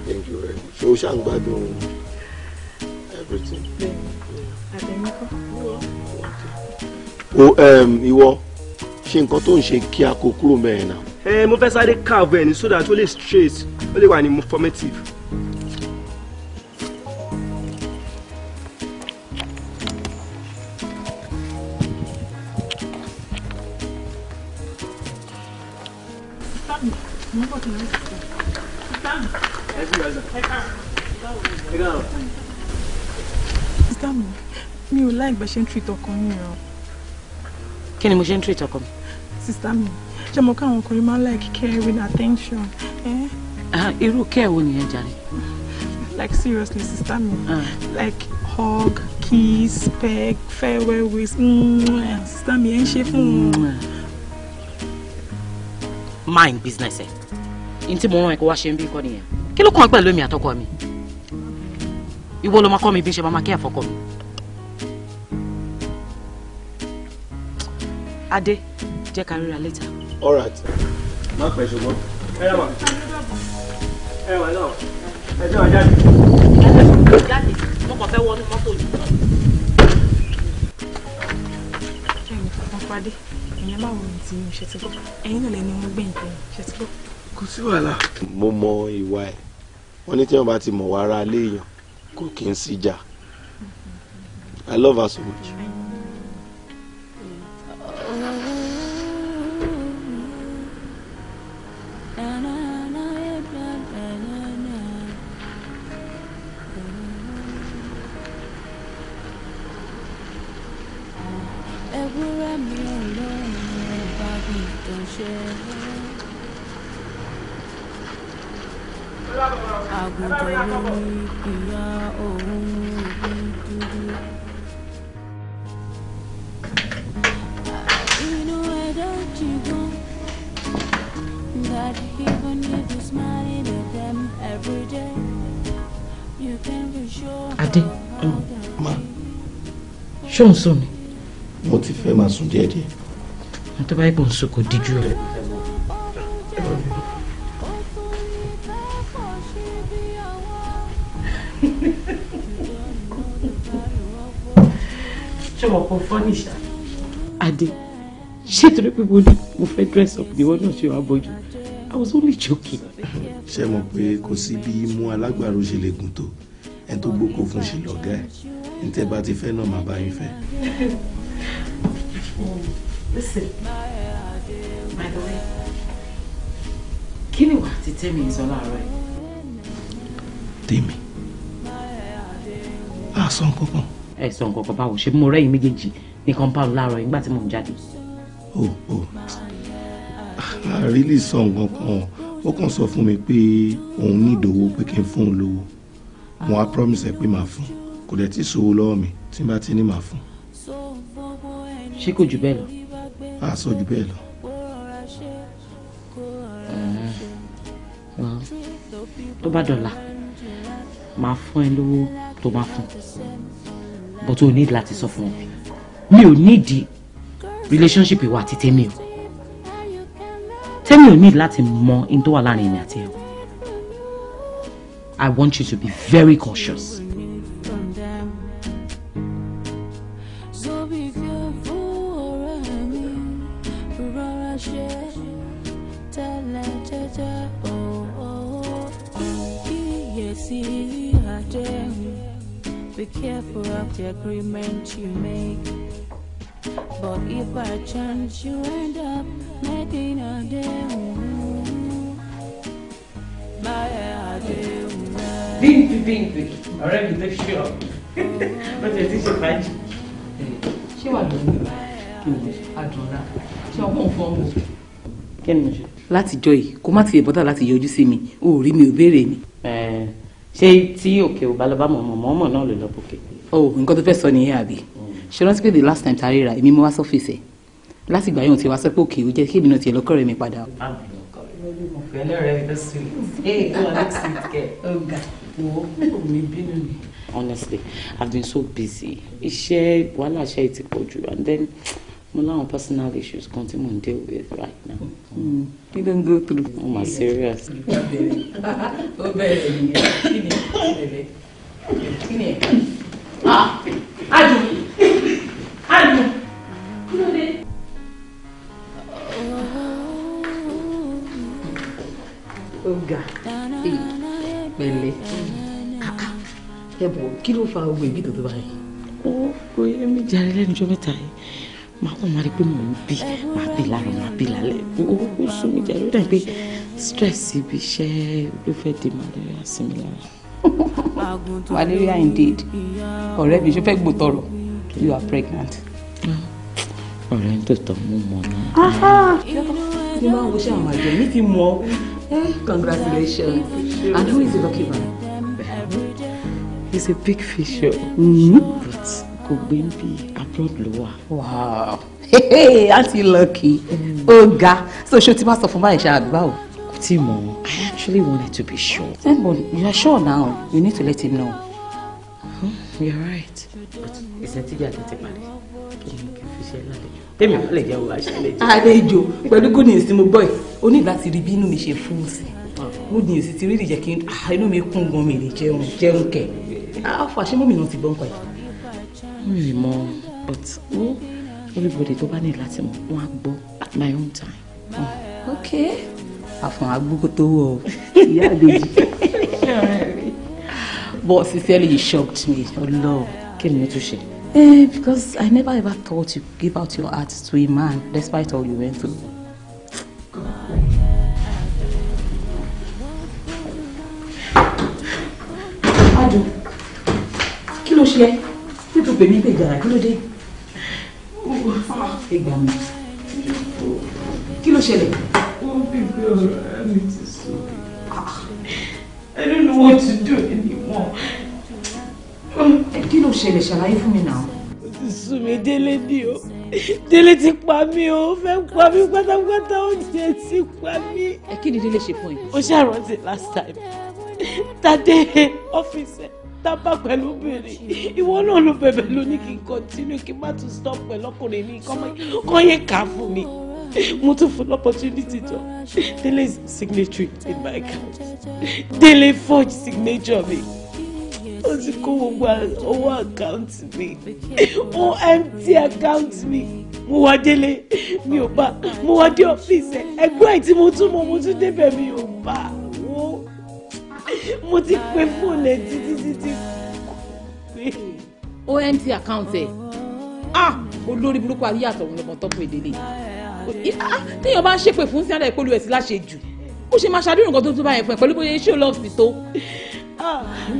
Thank you very much. Ṣé o ṣáà ń gbádùn everything? Bẹ́ẹ̀ni, àtẹ̀yìnkọ́. Um, ìwọ ṣe nǹkan tó ń ṣe kí a kó kúrò mẹ́rin náà ẹ eh, mo fẹ́ sáré carve ẹ̀ so that ó lè straight ó lè wà ní formative. mi ò láì gbẹ́ ṣe ń treat ọkàn yín o. kí ni mo ṣe ń treat ọkàn mi. sista mi ṣé mo káwọn ọkùnrin máa ń like caring attention. Eh? Ah, irú care wo nìyẹn jàre. like seriously sister mi uh. like hug kiss peck farewell with. mm, sister mi ẹ ń ṣe fún un. mind business ẹ n tí mo rán ẹ kó wá ṣe ń bí kọ́ nìyẹn kí ló kàn pẹ̀lú èmi àtọkọ mi ìwọ ló máa kọ́ mi bí ṣe máa máa kí àfọkọ mi. Ade, jẹ́ ká ríra later all right. má pẹ́ ṣùgbọ́n ẹ yà ẹ wà náà ẹ jẹ́ wá jáde. jáde mo kàn fẹ́ wọnú mọ́tò yìí. pàdé ìyẹn máa wọ ti ṣe ti gbọ́ ẹ̀yin náà lẹni wọn gbẹ̀yìn pé ṣe ti gbọ́. kò sí wàhálà. mo mọ ìwà ẹ wọn ní tí wọn bá ti mọ wàrà léèyàn kò kí n síjà i love her so much. Mm -hmm. ṣó ń sùn ni. mo ti fẹ́ máa sùn díẹ̀díẹ̀. mo tó bá yẹ kó ń sùn kò díjú o. ṣọwọ́ kò fọ́nìṣà. adé ṣé torí pé mo ní mo fẹ́ dress up ni wọ́n náà ṣe wá bójú I was only joking. ṣé mo pé kò sí bí imú alágbàro ṣe lè gùn tó ẹni tó gbókò fún ṣe lọ́gá ẹ̀ ní tẹ́ bá ti fẹ́ náà máa bá yín fẹ́. Listen, by the way, kí ni wàá ti tẹ́mi sọ láàárọ̀ yìí? Tèmi, a sọ nǹkan kan. Ẹ sọ nǹkan kan báwo ṣe mo rẹ́yìn méjèèjì ní compound láàárọ̀ yìí nígbà tí mò ń jáde. O oh, o, oh. a really sọ nǹkan kan, ó kàn sọ fún mi pé òun ní ìdòwò pé kí n fún un lówó, mo á promise ẹ pé màá fún un kò dẹ̀ tí ì sòwò lọ́wọ́ mi tí n bá ti ní màá fún. ṣé kò jù bẹ́ẹ̀ lọ. a sọ jù bẹ́ẹ̀ lọ. tó bá dọ̀la màá fún ẹ lówó tó máa fún bó tó ní láti sọ fún mi mi ò nídìí relationship wa àti tèmi o tèmi ò nídìí láti mọ in tó wà láàrin èmi àti ẹ I want you to be very cautious. Be careful of the agreement you make. But if by chance you end up making a deal, my deal. Bímpì bímpì, ọ̀rẹ́ mi tó ṣe ọ́, ó ti ti ṣe fàájì. Ṣé wà lóyún ìlú? Kí ni mo ṣe? Àdùnrà. Ṣé ọgbọ́n fọ́ mi? Kí ni mo ṣe? Látijọ́ yìí, kó má ti lè bọ́dà láti yọjú sí mi, ò rí mi ò béèrè mi. Ẹ ṣé tí òkè ò bá lọ bá mọ̀mọ́ mọ̀mọ́ náà ló lọ bókè. o nǹkan tó fẹ́ sọ nìyẹn àbí ṣe rántí pé the last time tari ra èmi mo wá sọ́fíìsì láti ìgbà yóò ti wá sọ́pọ̀ òkè ó kí èmi náà tiẹ̀ lọ́kọ̀ rẹ̀ mi padà. honestly I've been so busy iṣẹ́ wàhálà iṣẹ́ ti pọ̀ jù and then mo láwọn personal issues kan tí mo ń deal with right now. you hmm. don go through. mo ma serious. ó bẹ̀rẹ̀ nìyẹn kí ni bẹ̀rẹ̀ kí ni ah adùn adùn kí ló dé. ọ̀gá pẹ̀lẹ́ ẹ bọ̀ kí ló fa ogun ìbí tó tó báyìí. ó kò yẹ mí jàre lẹ́nu jọ́ mẹ́ta yìí màá kàn máa rí pé mò ń bì màá bì láàárọ̀ màá bì lálẹ́ ó sún jẹ́ lódà pé stress ibi iṣẹ́ ló fẹ́ di malaria sí lára. malaria indeed ọ̀rẹ́ mi ṣe fẹ́ gbòtọ̀rọ̀ you are pregnant. Ah. ọ̀rẹ́ ń tòótọ́ mú mọ́ náà. ní máa ń wo ṣé àwọn àjẹ́ mi ti mọ eh, congratulations and who is the lucky man. he's a big fish. Mm but kò gbé ń bí i abroad ló wà. wow aunty lucky mm. ó ga so ṣé o ti bá sọ fún báyìí ṣe àgbà o. kò tí mọ̀ I actually wanted to be sure. then but you are sure now you need to let him know. Hmm, you are right. but ìsẹ̀ntìjà tètè parí èmi àlè jẹ́ wàá ṣàlejò. àlejò pẹ̀lú good news tí mo gbọ́ yìí o ní láti rí bí inú mi ṣe fún sí good news ti rí ìjẹ́ kí ah, inú mi kún gan mi lè jẹun jẹun kẹ̀ á ah, fà ṣé mọ́mì náà ti gbọ́ nǹkan yìí. mi ì mọ but ó oh, everybody tó bá ní láti mọ̀ wọ́n á gbọ́ at my own time. Oh. ok àfọ̀n agbóko tó wọ̀ ọ́ ìyá àgbèjì. but sincerely you shocked me ọlọ́ọ̀ kí ni mo tún ṣe. Eh, because I never ever thought you give out your heart to a man despite all you went through. Adu, kí ló ṣe? Nítorí pèmí pè gàrà, kí ló dé? ẹ gbà mí kí ló ṣẹlẹ̀. wọ́n bèbè ọ̀rọ̀ ẹni ti I don't know what to do anymore. kí ló ṣẹlẹ̀ ṣàlàyé fún mi náà. ó ti sùn mí délé ni o délé ti pa mí o fẹ́ pa mí pátápátá ó jẹ́ ti pa mí. ẹ kí ni délé ṣe fún ẹ. ó ṣàrántí last time tàdé ọ́fíìsì ẹ̀ dábàá pẹ̀lú obìnrin ìwọ náà ló bẹ̀bẹ̀ lóní kí n kọ́ntínú kí n má tún stop pẹ̀lú ọkùnrin mi kọ́ yẹn kà á fún mi mo tún fún opportunity jọ Dele is in my account Dele forge signature mi ó ti kó gbogbo owó àkáǹtì mi ó empty àkáǹtì mi mo wá délé mi ò bá mo wá dé ọ́fíìsì ẹgbẹ́ ẹ̀ tí mo tún mọ̀ mo tún débẹ̀ mi ò bá mo ti pe fóònù ẹ títí títí pé. OMT account ẹ ah olórí burúkú ayé àtọ̀run lọ́kàn tọ́pù ìdílé ah! téèyàn bá ń ṣépè fún sí àdá ìpolú ẹ̀ sí láṣẹ jù ó ṣe máa ṣàdúrà nǹkan tó tún bá yẹn fún ẹ pẹ̀lú bóyá iṣẹ́ olóòfù ti tó.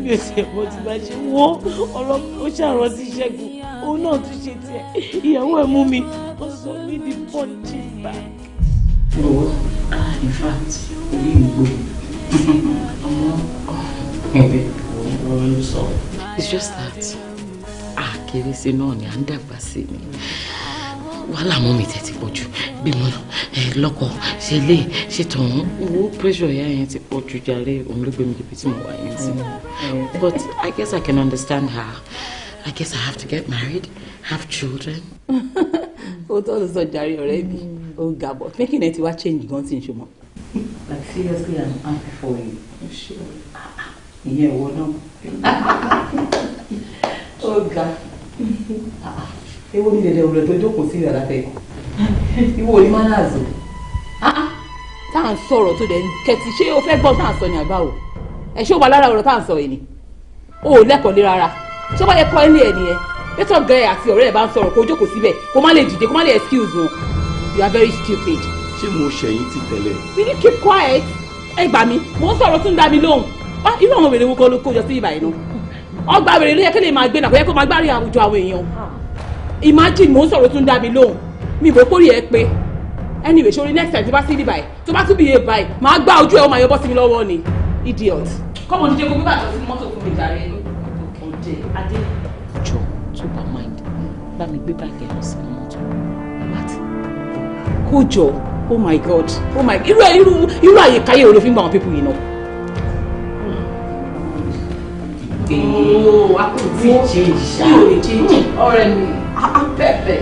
mi ò sì mọ ti bá ṣe wọ ọ̀rọ̀ ó ṣàrọ̀ sí ṣẹ́gun òun náà tún ṣe tiẹ̀ ìyàwó ẹ̀ mú mi ó sọ mí di punching bag. Ah, in fact orí ìgbò Maybe. It's just that. Ah, Kiri sí náà ni à ń dàgbà sí ni. Wàhálà mú mi tẹ̀tí pọ̀ jù. Bímọ lọ́kọ̀ ṣe lè ṣe tọ̀hún. Owó pressure ìyá yẹn ti pọ̀ jù jàre. Òun ló gbé mi débi tí mo yẹn sí. Mm. But I guess I can understand her. I guess I have to get married, have children. o tó lọ sọ jàre ọ̀rẹ́ mi o ga bọ making it wa change gan ti n ṣe mọ. Like seriously I'm happy for you. ìyẹn ìwọ náà ó ga ewo ní dẹdẹ òwúrọ̀ tó jókòó sí ìyàrá fẹ ìwọ ní manners o. Ah, ah. tá à ń sọ̀rọ̀ tó dẹ̀ ń kẹ́tì ṣé o fẹ́ gbọ́ tá à ń sọ ní àbáwò ẹ̀ ṣé o wà lára ọ̀rọ̀ tá à ń sọ yìí ni o ò lẹ́kọ̀ọ́ lé rárá tó bá yẹ kọ́ ilé ẹ̀ nìyẹn bẹ́tọ̀ gan ẹ̀ àti ọ̀rẹ́ ẹ̀ bá ń sọ̀rọ̀ kó jókòó síbẹ̀ kó má lè dìde kó má lè excuse wọn you are very stupid. ṣé mo ṣẹ̀yìn ti tẹ́lẹ̀. will you keep quiet? ẹ gbà mí mo ń sọ̀rọ̀ tún dá mi lóhùn irú àwọn wèrè wo kan ló kó jọ sí ìbàyìí náà ọgbà wèrè ló yẹ kí lè máa gbé nà kó yẹ kó máa gbárí àwùjọ àwọn èèyàn imagine mo ń sọ̀rọ̀ tún dá mi lóhùn mi ìbò kórè ẹ pé anyway sori next time tó bá sí ìdí báyìí tó bá tún bí iye báyìí máa gbá ojú ẹ ó máa yọ bọ́ sí mi lọ́wọ́ ni idiot. kọ́mọ̀ jíjẹ́ kó gbígbà tó sí mọ́tò fún mi jàre ṣe adé. jọ tó bá mind bá mi gbé báàgì lọ sí mọ́tò what kó jọ oh my god oh my irú irú irú àyè káyé òde fi ń bá àwọn people yìí náà. Oh, a kò tí ì ṣe ìṣá mi ò lè ṣe ìṣe ọ̀rẹ́ mi á pẹpẹ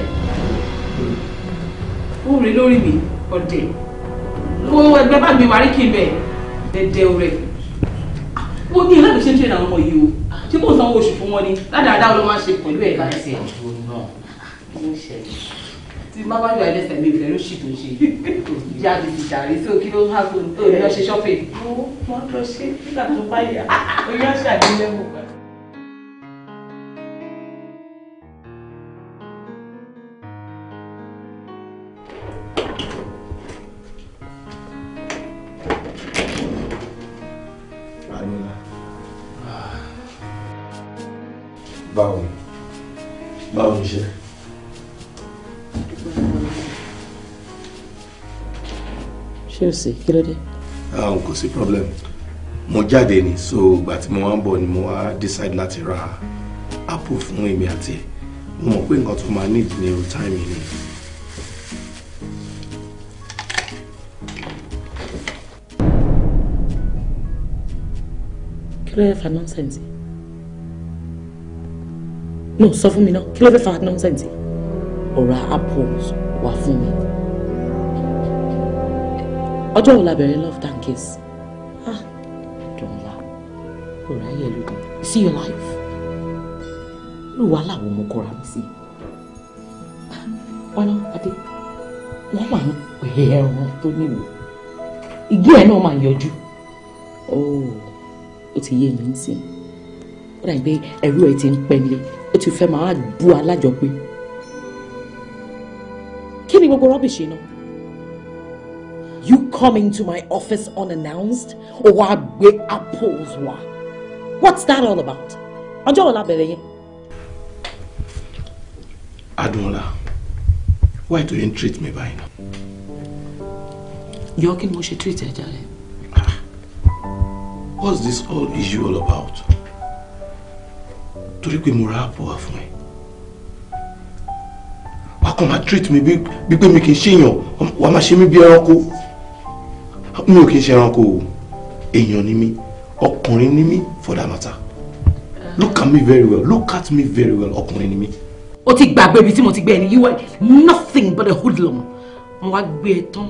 ó rí lórí mi ọdẹ lọ́wọ́ ẹgbẹ́ bá mi wárí kí n bẹ dẹdẹ rẹ mo ní ẹlẹ́bi ṣe ń tẹ̀lé àwọn ọmọ yìí o ṣé kò sanwó oṣù fún wọn ni ládàádáa ló máa ṣe pẹ̀lú ẹ̀ láìsẹ̀ tí má bá yọ ẹlẹ́sẹ̀ mi ìfẹ́ ló ṣì tó ṣe ìyá mi ti dàrí sí òkè ló hàn tó ní ọṣẹ ṣọ́fẹ̀. mo máa lọ ṣe nígbà tó bá yà ó yá ṣàdéléwò pẹ̀lú. sí kí ló dé. àwọn ah, kò sí problem mo jáde ni so ìgbà tí mo wá ń bọ̀ ni mo wá decide láti ra apple fún èmi àti ẹ̀ mo mọ̀ pé nǹkan tó máa need ní irú time ni. kí ló fẹ́ fa nọ́nsẹ̀nsì no sọ fún mi náà kí ló fẹ́ fa nọ́nsẹ̀nsì ọ̀rọ̀ apples wà fún mi ọjọ́ wo bẹ̀rẹ̀ love and kiss ah dọ̀la kò ráyè lóde see your life irú wàhálà wo mo kóra mi sí ọlọ́ adé wọ́n máa ń pè ẹran tó níwò ìgbé ẹ̀ náà máa yọjú oh ó ti yé mi nísìnyí ó dàbí pé ẹ̀rú ẹ̀ ti ń pẹ́ńlé ó ti fẹ́ máa bú alájọpé kí ni gbogbo rọ́bìṣì náà. You come into my office unannounced? Or wá gbé apples wá? What's that all about? Adola, wo la why do you treat me by now? Yọ kí ni mo ṣe treat darling. Ah, what's this all issue all about? Torí pé mo ra apple wá fún ẹ. Wàá kàn máa treat mi bí pé mi kì í ṣèyàn, wàá máa ṣe mí bí mi ò kì í ṣe ẹranko o èèyàn ni mí ọkùnrin ni mí for that matter look at me very well look at me very well ọkùnrin ni mí. o ti gbàgbé ibi tí mo ti gbé ẹni you are nothing but a hoodlum mo wá gbé ẹ e tán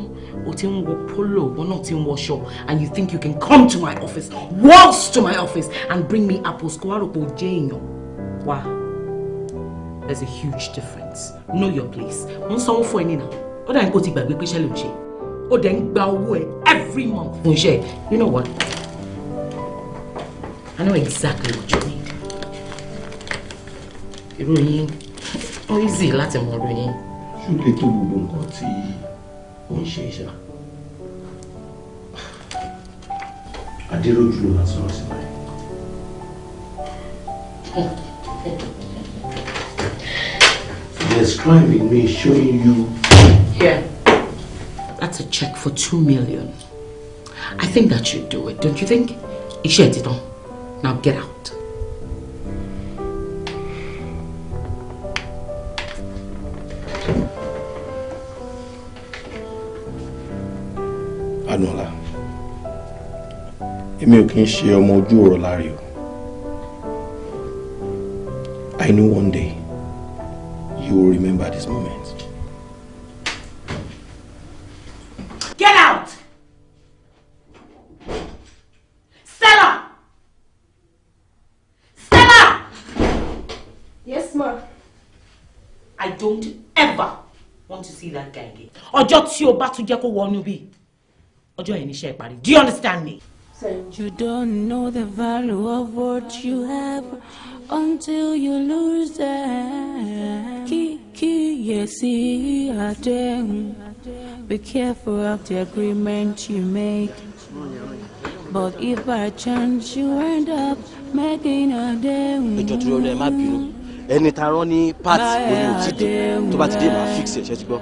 o ti ń wọ polo wọn náà ti ń wọṣọ and you think you can come to my office waltz to my office and bring me apples kó wá rò pé o jẹ́ èèyàn wá there's a huge difference know your place mo ń sanwó fún ẹ nínà ó dà ní kó o ti gbàgbé pé ṣẹlẹ̀ ò ṣe ó dẹ̀ ń gba owó ẹ̀ every month fún iṣẹ́ you know what I know exactly what you need irú yín ó easy láti mọ irú yín. ṣùgbọ́n tó gbogbo nǹkan tí ó ń ṣe iṣẹ́ adéròjú ló máa sọ̀rọ̀ sí báyìí. describing me showing you. Yeah. That's a check for two million. I think that should do it, don't you think? Iṣẹ́ ti tán. Now get out. Anola, èmi ò kí ń ṣe ọmọ ojú ọ̀rọ̀ o. I know one day you will remember this moment. don't ever want to see that guy again. ọjọ́ tí o bá tún jẹ́ kó wọnú bí ọjọ́ yẹn níṣẹ́ ìparí do you understand me. You don't know the value of what you have until you lose them. Kíyèsí àdéhùn. Be careful of the agreement you make. But if by chance you end up making a deal ẹni tá a rán ní part mo ní o ti dé tó bá ti dé màá fix ẹ ṣe ti gbọ́.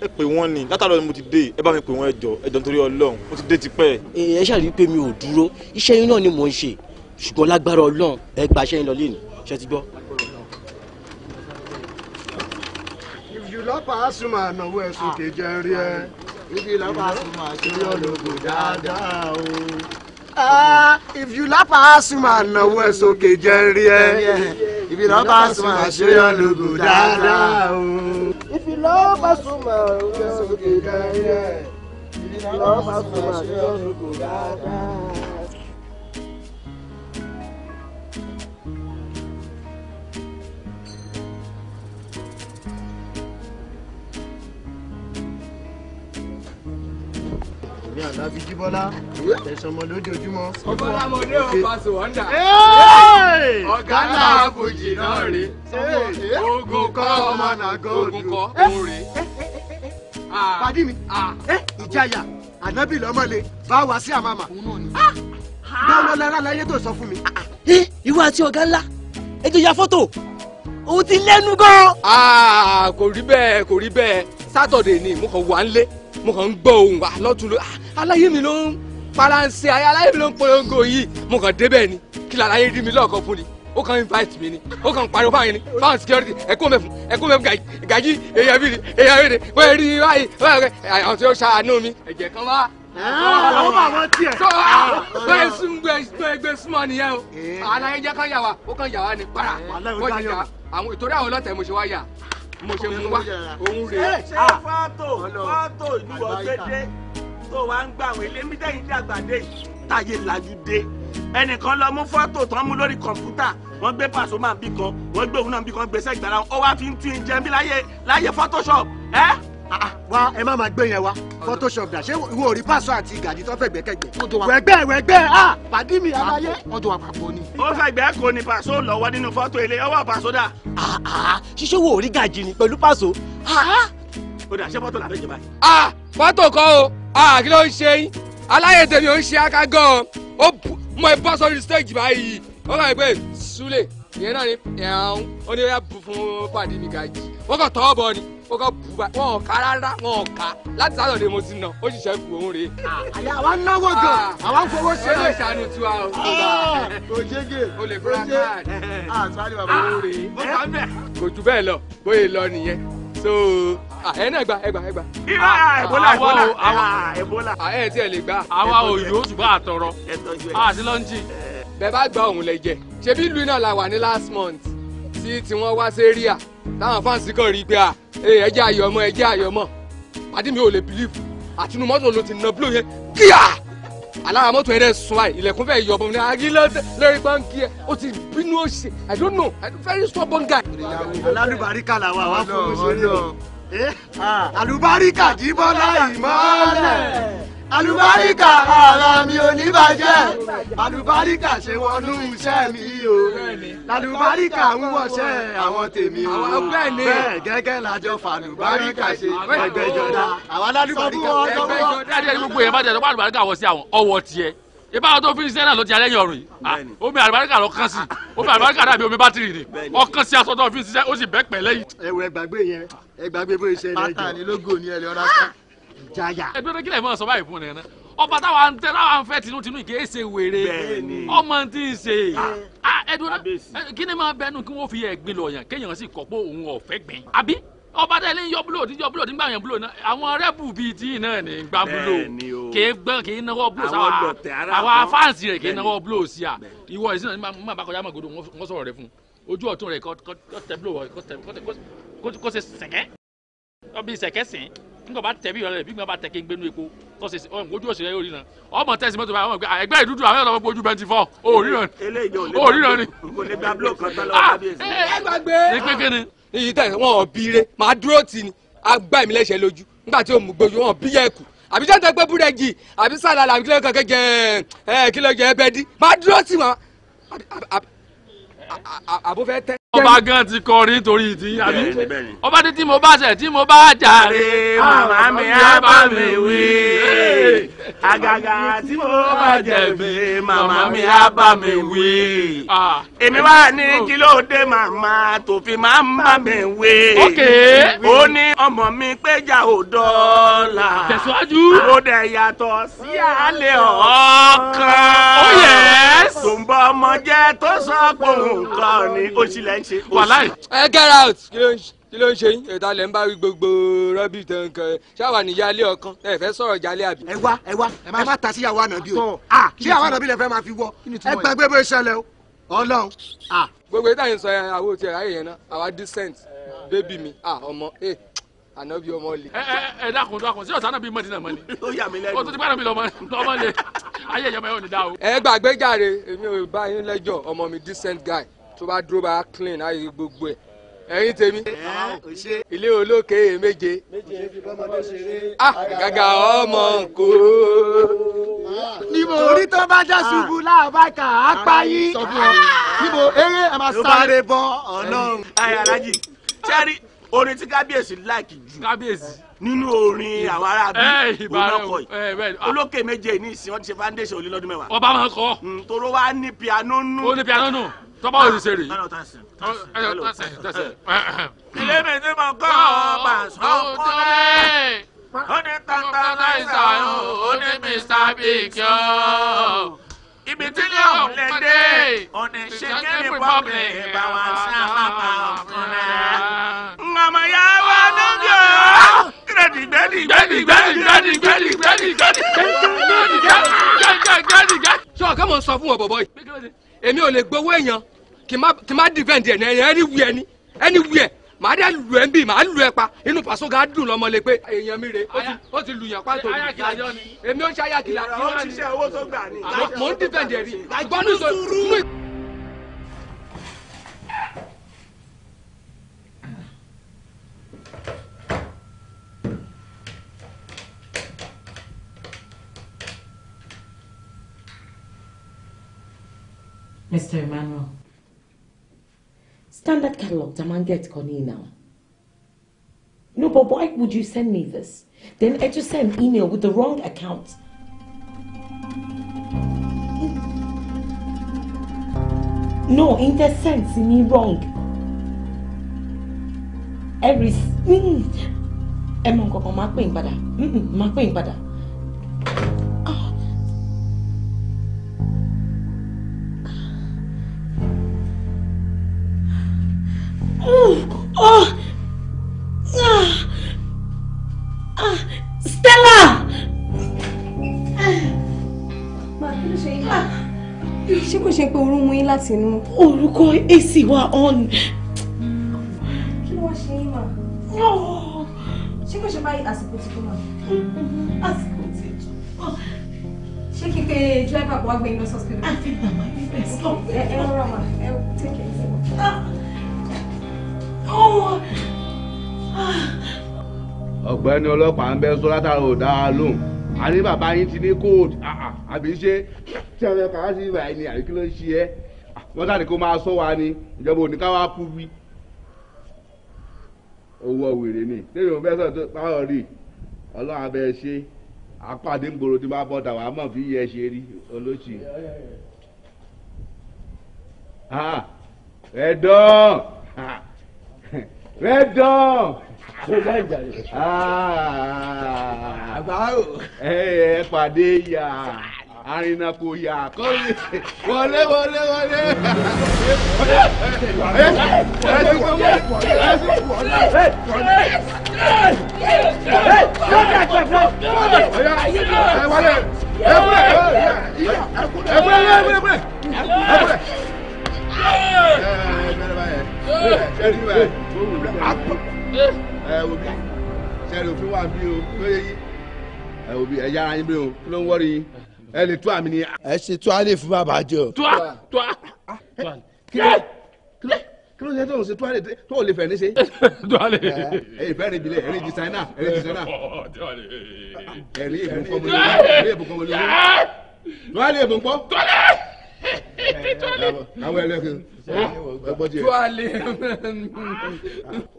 ẹ pè wọ́n ni látàlọ́ ni mo ti dé ẹ bá mi pè wọ́n ẹjọ́ ẹjọ́ nítorí Ọlọ́run mo ti dé tipẹ́. ẹ ṣàlùyí pé mi ò dúró iṣẹ́ yín náà ni mò ń ṣe ṣùgbọ́n lágbára Ọlọ́run ẹ gba iṣẹ́ yín lọ léèní ṣe ti gbọ́. if you love asuma ànáwó ẹ̀sùn kejì ẹ̀ rí ẹ ibi lọ́pàá asuma àṣírí Ah, if you lap asuma náwó ẹ sókè jẹ rí ẹ if you lap asuma ṣéyàn lògùn dáadáa o. if you lap asuma ṣéyàn lògùn dáadáa. if you lap asuma ṣéyàn lògùn dáadáa. èmi àlàbí jíbọ́lá tẹ̀sán ọmọ lójoojúmọ́. ọbọlámọdé ò paṣọ wọ́ndà ọ̀gá náà kò jìnnà rè ogun kọ́ ọmọ nàgọ́ ogun kọ́ òrè. pàdí mi ah. ìjayà ànábì lọ́mọ́lé bá wa sí àmàmà ah! Ah. báwo lára láyé tó sọ fún mi. Eh, ìwọ àti ọ̀gá ńlá ẹ jẹ́ fọ́tò o ti lẹ́nu gan. kò rí bẹ́ẹ̀ kò rí bẹ́ẹ̀ sátọ̀dẹ̀ ni mo kàn wà ń lé mo kàn ń gbọ́ ohùn wa lọ́tún ló aláyé mi ló ń palanse ayé aláyé mi ló ń polongo yìí mo kàn débẹ̀ ni kí làlàyé rí mi lọ́ọ̀kan fún ni ó kàn invite mi ni ó kàn pariwo fáwọn ni fáwọn security ẹ̀kọ́ mẹ́fún ẹ̀kọ́ mẹ́fún gàjí èyàn bíi èyàn bíi wọ́n rí báyìí báyìí àwọn tí ó ṣàánú mi ẹ̀jẹ̀ kan wá. Ah, àwọn bàbá tiẹ̀. tó bẹ́ẹ̀ ah, sún gbẹ́gbẹ́ súnmọ́ nìyẹn o eh. aláyé jẹ́ kán yà wá ó kàn yà wá ní para eh, wọ́n ti yà àwọn ìtòrí àwọn ọlọ́tẹ̀ mo ṣe wá yà mo ṣe mú wá òun rèé. Eh, ṣé ah. fàtò fàtò ìlú ọ̀gẹ́dẹ́ tó wá ń gbà wọ́n elémi dẹ́yìn dàgbà dé táyé lajú dé ẹnìkan lọ mú fọ́tò tán mú lórí kọ̀ǹpútà wọ́n gbé pàṣọ máa bí kan wọ́n gbé òun náà bí kan gbèsè ìgbàlá wọn ó wá fi ń tún in jẹun bí láyé láyé photoshop ẹ́. Ah, ah, wa ẹ má máa gbé yẹn wa photoshop dà ṣé ìwọ ò rí pàṣọ àti gàdí tó fẹ́ gbẹ́kẹ̀gbẹ́. wẹ̀gbẹ́ wẹ̀gbẹ́ a ah, pàdé mi aláyé. wọ́n tó wà papọ̀ ni. ó fẹ́ gbẹ́ kó ni pàṣọ lọ́wọ́ nínú fọ́tò ilé ọwọ́ pàṣọ dà. ṣíṣe wo ò rí gàjì ni pẹ̀lú pàṣọ. ó dà ṣé fọ́tò làbẹ́jẹ̀ báyìí fọ́tò kọ́ o àkí ah, ló ń ṣe yín aláyè tèmi ò ń ṣe aká gan ó mọ ẹ bọ́ sórí stage báyìí wọ́n kàn pé súlẹ̀ ìyẹn náà ni ẹ̀hún ó ní bóyá bu fún pàdé mi gàjì wọ́n kàn tọ́ bọ ni wọ́n kàn bu báyìí wọ́n ká rárá wọ́n ká láti sátọ̀dẹ̀ mo ti nà ó sì ṣe kù òun rèé. Ah, àyà àwa ń náwó gan ah, àwa ń fowó ṣe é. ó lè ṣàánú tiwa o. kò jẹ́gẹ̀ o lè fura káàdì. àtúwálé bàbá òun rèé. kò jù bẹ́ẹ̀ lọ bóyá lọ nìyẹn so ẹ náà gba ẹ gba ah, ah, Ebola ah, Ebola Ebola. ẹ ti ẹ lè gba. àwa ò yóò ṣùgbọ́n àtọrọ àti lọ́njì. bẹ́ẹ̀ bá gba òun lẹ jẹ ṣebí ìlú iná la wà ní last month tí tiwọn wá sí area táwọn fáǹsì kan rí i pé eh, ẹ jẹ́ àyọ̀mọ́ ẹ jẹ́ àyọ̀mọ́ pàdé mi ò lè believe àtinú mọ́tò ló ti nà bílò yẹn kíá alára mọ́tò yẹn dẹ̀ sùn àì ilẹ̀kùn fẹ́ yọ̀ bọ̀ don't know i'm very stubborn guy. mi Alubarika ah, jíbọ́lá ìmọ́lẹ̀ àlùbáríkà ara mi ò ní bàjẹ́ àlùbáríkà ṣe wọnú iṣẹ́ mi o alubarika ń wọṣẹ́ àwọn tèmi o bẹ́ẹ̀ gẹ́gẹ́ lájọ fàlùbáríkà ṣe ẹgbẹ́jọdá àwọn alálùbáríkà ẹgbẹ́jọdá. ẹ ẹ gbogbo yẹn má jẹ́ ẹ lọ́pọ̀ àlùbáríkà wọ sí àwọn ọwọ́ tiẹ̀ ibà àwọn tó fi iṣẹ́ náà ló ti alẹ́ yẹn ọ̀rùn yìí ah, omi àlùbáríkà lọ kán sí ah. omi àlùbáríkà dàbí omi bátìrì ni ọkàn sí aṣọ tó fi ṣiṣẹ́ ó sì bẹ́ pẹ́ lẹ́yìn. ẹ wẹ gbàgbé yẹn ẹ gbàgbé bó iṣẹ́ rẹ jọ pátánilógún ni ẹ lè ọ̀rá ká jaya. ẹgbẹ́ rẹ kílẹ̀ mọ́ sọ báyìí fún ẹ náà ọba táwa ń tẹ táwa ń fẹ́ tinútinú kì í ṣe wèrè ọmọ tí ń ṣe ẹdùn ah, kí ni máa bẹnu kí wọ́n fi ẹ̀gbin lọ̀yàn kéèyàn sì kọ́ pé òun ọ̀fẹ́ gbìn àbí ọba tẹ́lẹ̀ ń yọ búlò tí yọ búlò tí ń gbà yẹn búlò náà àwọn rẹ́bù bíi tí náà ní gbà búlò kì í gbọ́n kì í náwó búlò sáwà àwọn afáǹsì rẹ̀ kì í náwó búlò sí à ìwọ ìsìn náà ní máa bá kọjá mọ̀gòdò wọ́n sọ̀rọ̀ rẹ̀ fún ojú ọ̀tún rẹ̀ kọ́ tẹ búlò kó ṣe sẹ̀kẹ́ ọbí sẹ̀kẹ́ sìn nígbà bá tẹ̀ bí ìrọ̀lẹ́ bí gbọ́n bá tẹ̀ kí n gbénu epo kọ́ ṣe ojú òṣèré yóò ríran ọmọ tẹ̀sí mọ́tò báyìí ọmọ ẹgbẹ́ ìdúdú àwọn ọlọ́mọ gbójú twenty four òríran ni òríran ni. kò lè gba búlò kan tán lọ́wọ́ kábíyèsí. ẹ gbàgbé. ní kékeré èyí tẹ̀ wọ́n bíire màá dúró tì ní agbá èmi lẹ́sẹ̀ lójú nígbà tí òun gbòjú wọn bí yẹ̀kù àbí jẹ́ ń tẹ́gbẹ́ búrẹ́dì àbí sàlàlà àbí kílódé kankan jẹ ẹ kílódé jẹ ẹbẹ dí màá dúró tì wọn àbúfẹ́ tẹ́ ọba gan ti kọrin nítorí ti àbí ọba tí mo bá ṣe tí mo bá jàre ah, ah, màmá mi á bá mi wí àgàgà tí mo bá jẹ̀bi màmá mi á bá mi wí èmi wá ní kí dé màmá tó fi máa ń bá mi wí ó ní ọmọ mi péjà ò dọ́là ó dẹ̀ yàtọ̀ sí àlè ọ̀ọ́kan oh, tó ń bọ́ ọmọ jẹ́ tó sọ pé òun kọ́ ni ó lẹ́yìn wàláì. ẹ get out kí ló ń ṣe kí ló ń ṣe yín ètò alẹ́ ń bá wí gbogbo rọ́bì tán kan ṣáwà ní yálé ọkàn ẹ fẹ́ sọ̀rọ̀ jálé àbí. ẹ wá ẹ wá ẹ má ta sí ìyàwó ànábì o sí ìyàwó ànábì lè fẹ́ máa fi wọ ẹ gbàgbé bó ṣẹlẹ̀ o ọlọ́run. gbogbo ìta yìí sọ yẹn àwọn òtí ẹ̀ráyè yẹn náà àwa decent bébì mi ọmọ ẹ ànábì ọmọ le. ẹ ẹ ẹ dákun dákun sí ọ̀sán ànábì mọ̀dínà mọ̀ ni. ó yà mí lẹ́nu. o tó ti gbàdọ̀ mi lọ́mọ le ayé ìyọ̀mọ̀ yóò ní dá o. ẹ gbàgbé jàre èmi ò bá yín lẹ́jọ́ ọmọ mi decent guy tó bá dúró bá clean á yí gbogbo ẹ ẹyin tèmi ilé olókè méje ah, gàgà ọmọ nkó. níbo orí tó bá já ṣubú ah. láàbàkà á payí níbo eré ẹ máa sáré. ló bá rẹ bọ ọlọ́run. ayé alájì sẹ́rí orin tí kábíyèsí láìkì jù nínú orin àwọn arábí eh, olóko yìí eh, ah. olókè méje ní ìsìn wọn ti ṣe foundation olè mẹ́wàá. ọba máa ń kọ. Hmm, toro wa ní piano nù. ó ní piano nù tọ́ba ò sì ṣe rè é. ilé mi ní mo gbọ́ ọba sọ́kúnlẹ̀ ó ní tantalizer ó ní Mr Big yọ. ibi tí yóò lè dé òní ṣe kí republic bá wa sá bàbá ọ̀kúnlẹ̀. ngọmọ ya wá lójú ọ. gbẹ́dì gbẹ́dì gbẹ́dì gbẹ́dì gbẹ́dì gbẹ́dì gbẹ́dì gbẹ́dì gbẹ́dì gbẹ́dì gbẹ́dì. sọ àkàmọ̀ sọ fún ọ bọ̀bọ̀ yìí èmi ò lè gbowó èèyàn kì má dìfẹ́ǹdì ẹ̀ ní ẹni wù ẹ ní ẹni wù ẹ màá dẹ́ lù ẹ ń bì màá lù ẹ pa inú pàṣọ ga dùn lọ́mọ le pé èèyàn mi rè ó ti lù yàn pa tó lù èmi ó ń ṣe ayakìlá mò ń dìfẹ́ǹdì ẹ̀ rí gbọ́nú sọ. Mr. Emmanuel standard catalog tá a máa get kan now. No, but why would you send me this? Then I just send email with the wrong account. No, in the sense, me wrong. Every. Mm. Mm. Mm. Mm. máa pè ń padà. Máa pè ń padà. Oh, oh. Ah. Ah, Stella! Ah. ṣé kò ṣe pé orun mú yín láti inú. orúkọ AC wa on. kí ló wá ṣe yín mà. Oh. ṣé kò ṣe báyìí àsìkò ti tó mà. Mm-hmm. àsìkò ti tó. ṣé kí n pe driver kó wá gbé yín lọ sọ́sìkò. àfi màmá ìfẹ́ sọ. ẹ ẹ rọra mà ẹ tẹ̀kẹ́ ọ̀gbẹ́ni ọlọ́pàá ń bẹ sọ látara ò dáa lóhùn àní bàbá yín ti ní kóòtù ah, ah, àbí ṣe tí àwọn ẹ̀ka sí ìbàyí ni àbí kí ló ń ṣe ẹ́ ah, wọ́n sáré kó máa sọ wa ni ìjọba òní ká wá kú wí. owó wèrè ni lẹ́yìn òun bẹ́ẹ̀ tó pààrọ̀ rí ọlọ́run abẹ́ ṣe apáàdé ń gbòòrò tí bá bọ́ dàwọ̀ àmọ́ fi yẹ ṣe rí olóṣì. ẹ̀dán. Red Dawn. Àgbáwò. Ẹ ẹ pàdé yà. Arìnà kò yà kọ́lé. Wọlé wọlé wọlé. Ẹ ti kọ́ wọlé. Ẹ ti kọ́ wọlé. Ẹ ti kọ́ wọlé. Ẹ lọ́dà kẹfọ́. Ọ̀yà ẹ wọlé. Ẹ kúlẹ̀. Ẹ kúlẹ̀. Ẹ kúlẹ̀. Ẹ kúlẹ̀. Ẹ kúlẹ̀ sẹ́ni wà apọ̀ ẹ tó a lè fún bàbá jẹ o. tó a tó a kí ló kí ló tó ń ṣe tó a lè tó lè fẹ̀ ní ṣe. tó a lè. ẹ ìfẹ́ rẹ bilẹ̀ ẹ̀rẹ́ disaina ẹ̀rẹ́ disaina ẹ̀rẹ́ ìbùkún ọmọlẹ́wọ́ ẹ̀rẹ́ ìbùkún ọmọlẹ́wọ́ tó a lè ìbùkún. tó a lè àwọn ẹlẹ́kẹ̀ ẹgbọ́n tiẹ̀. tuwale.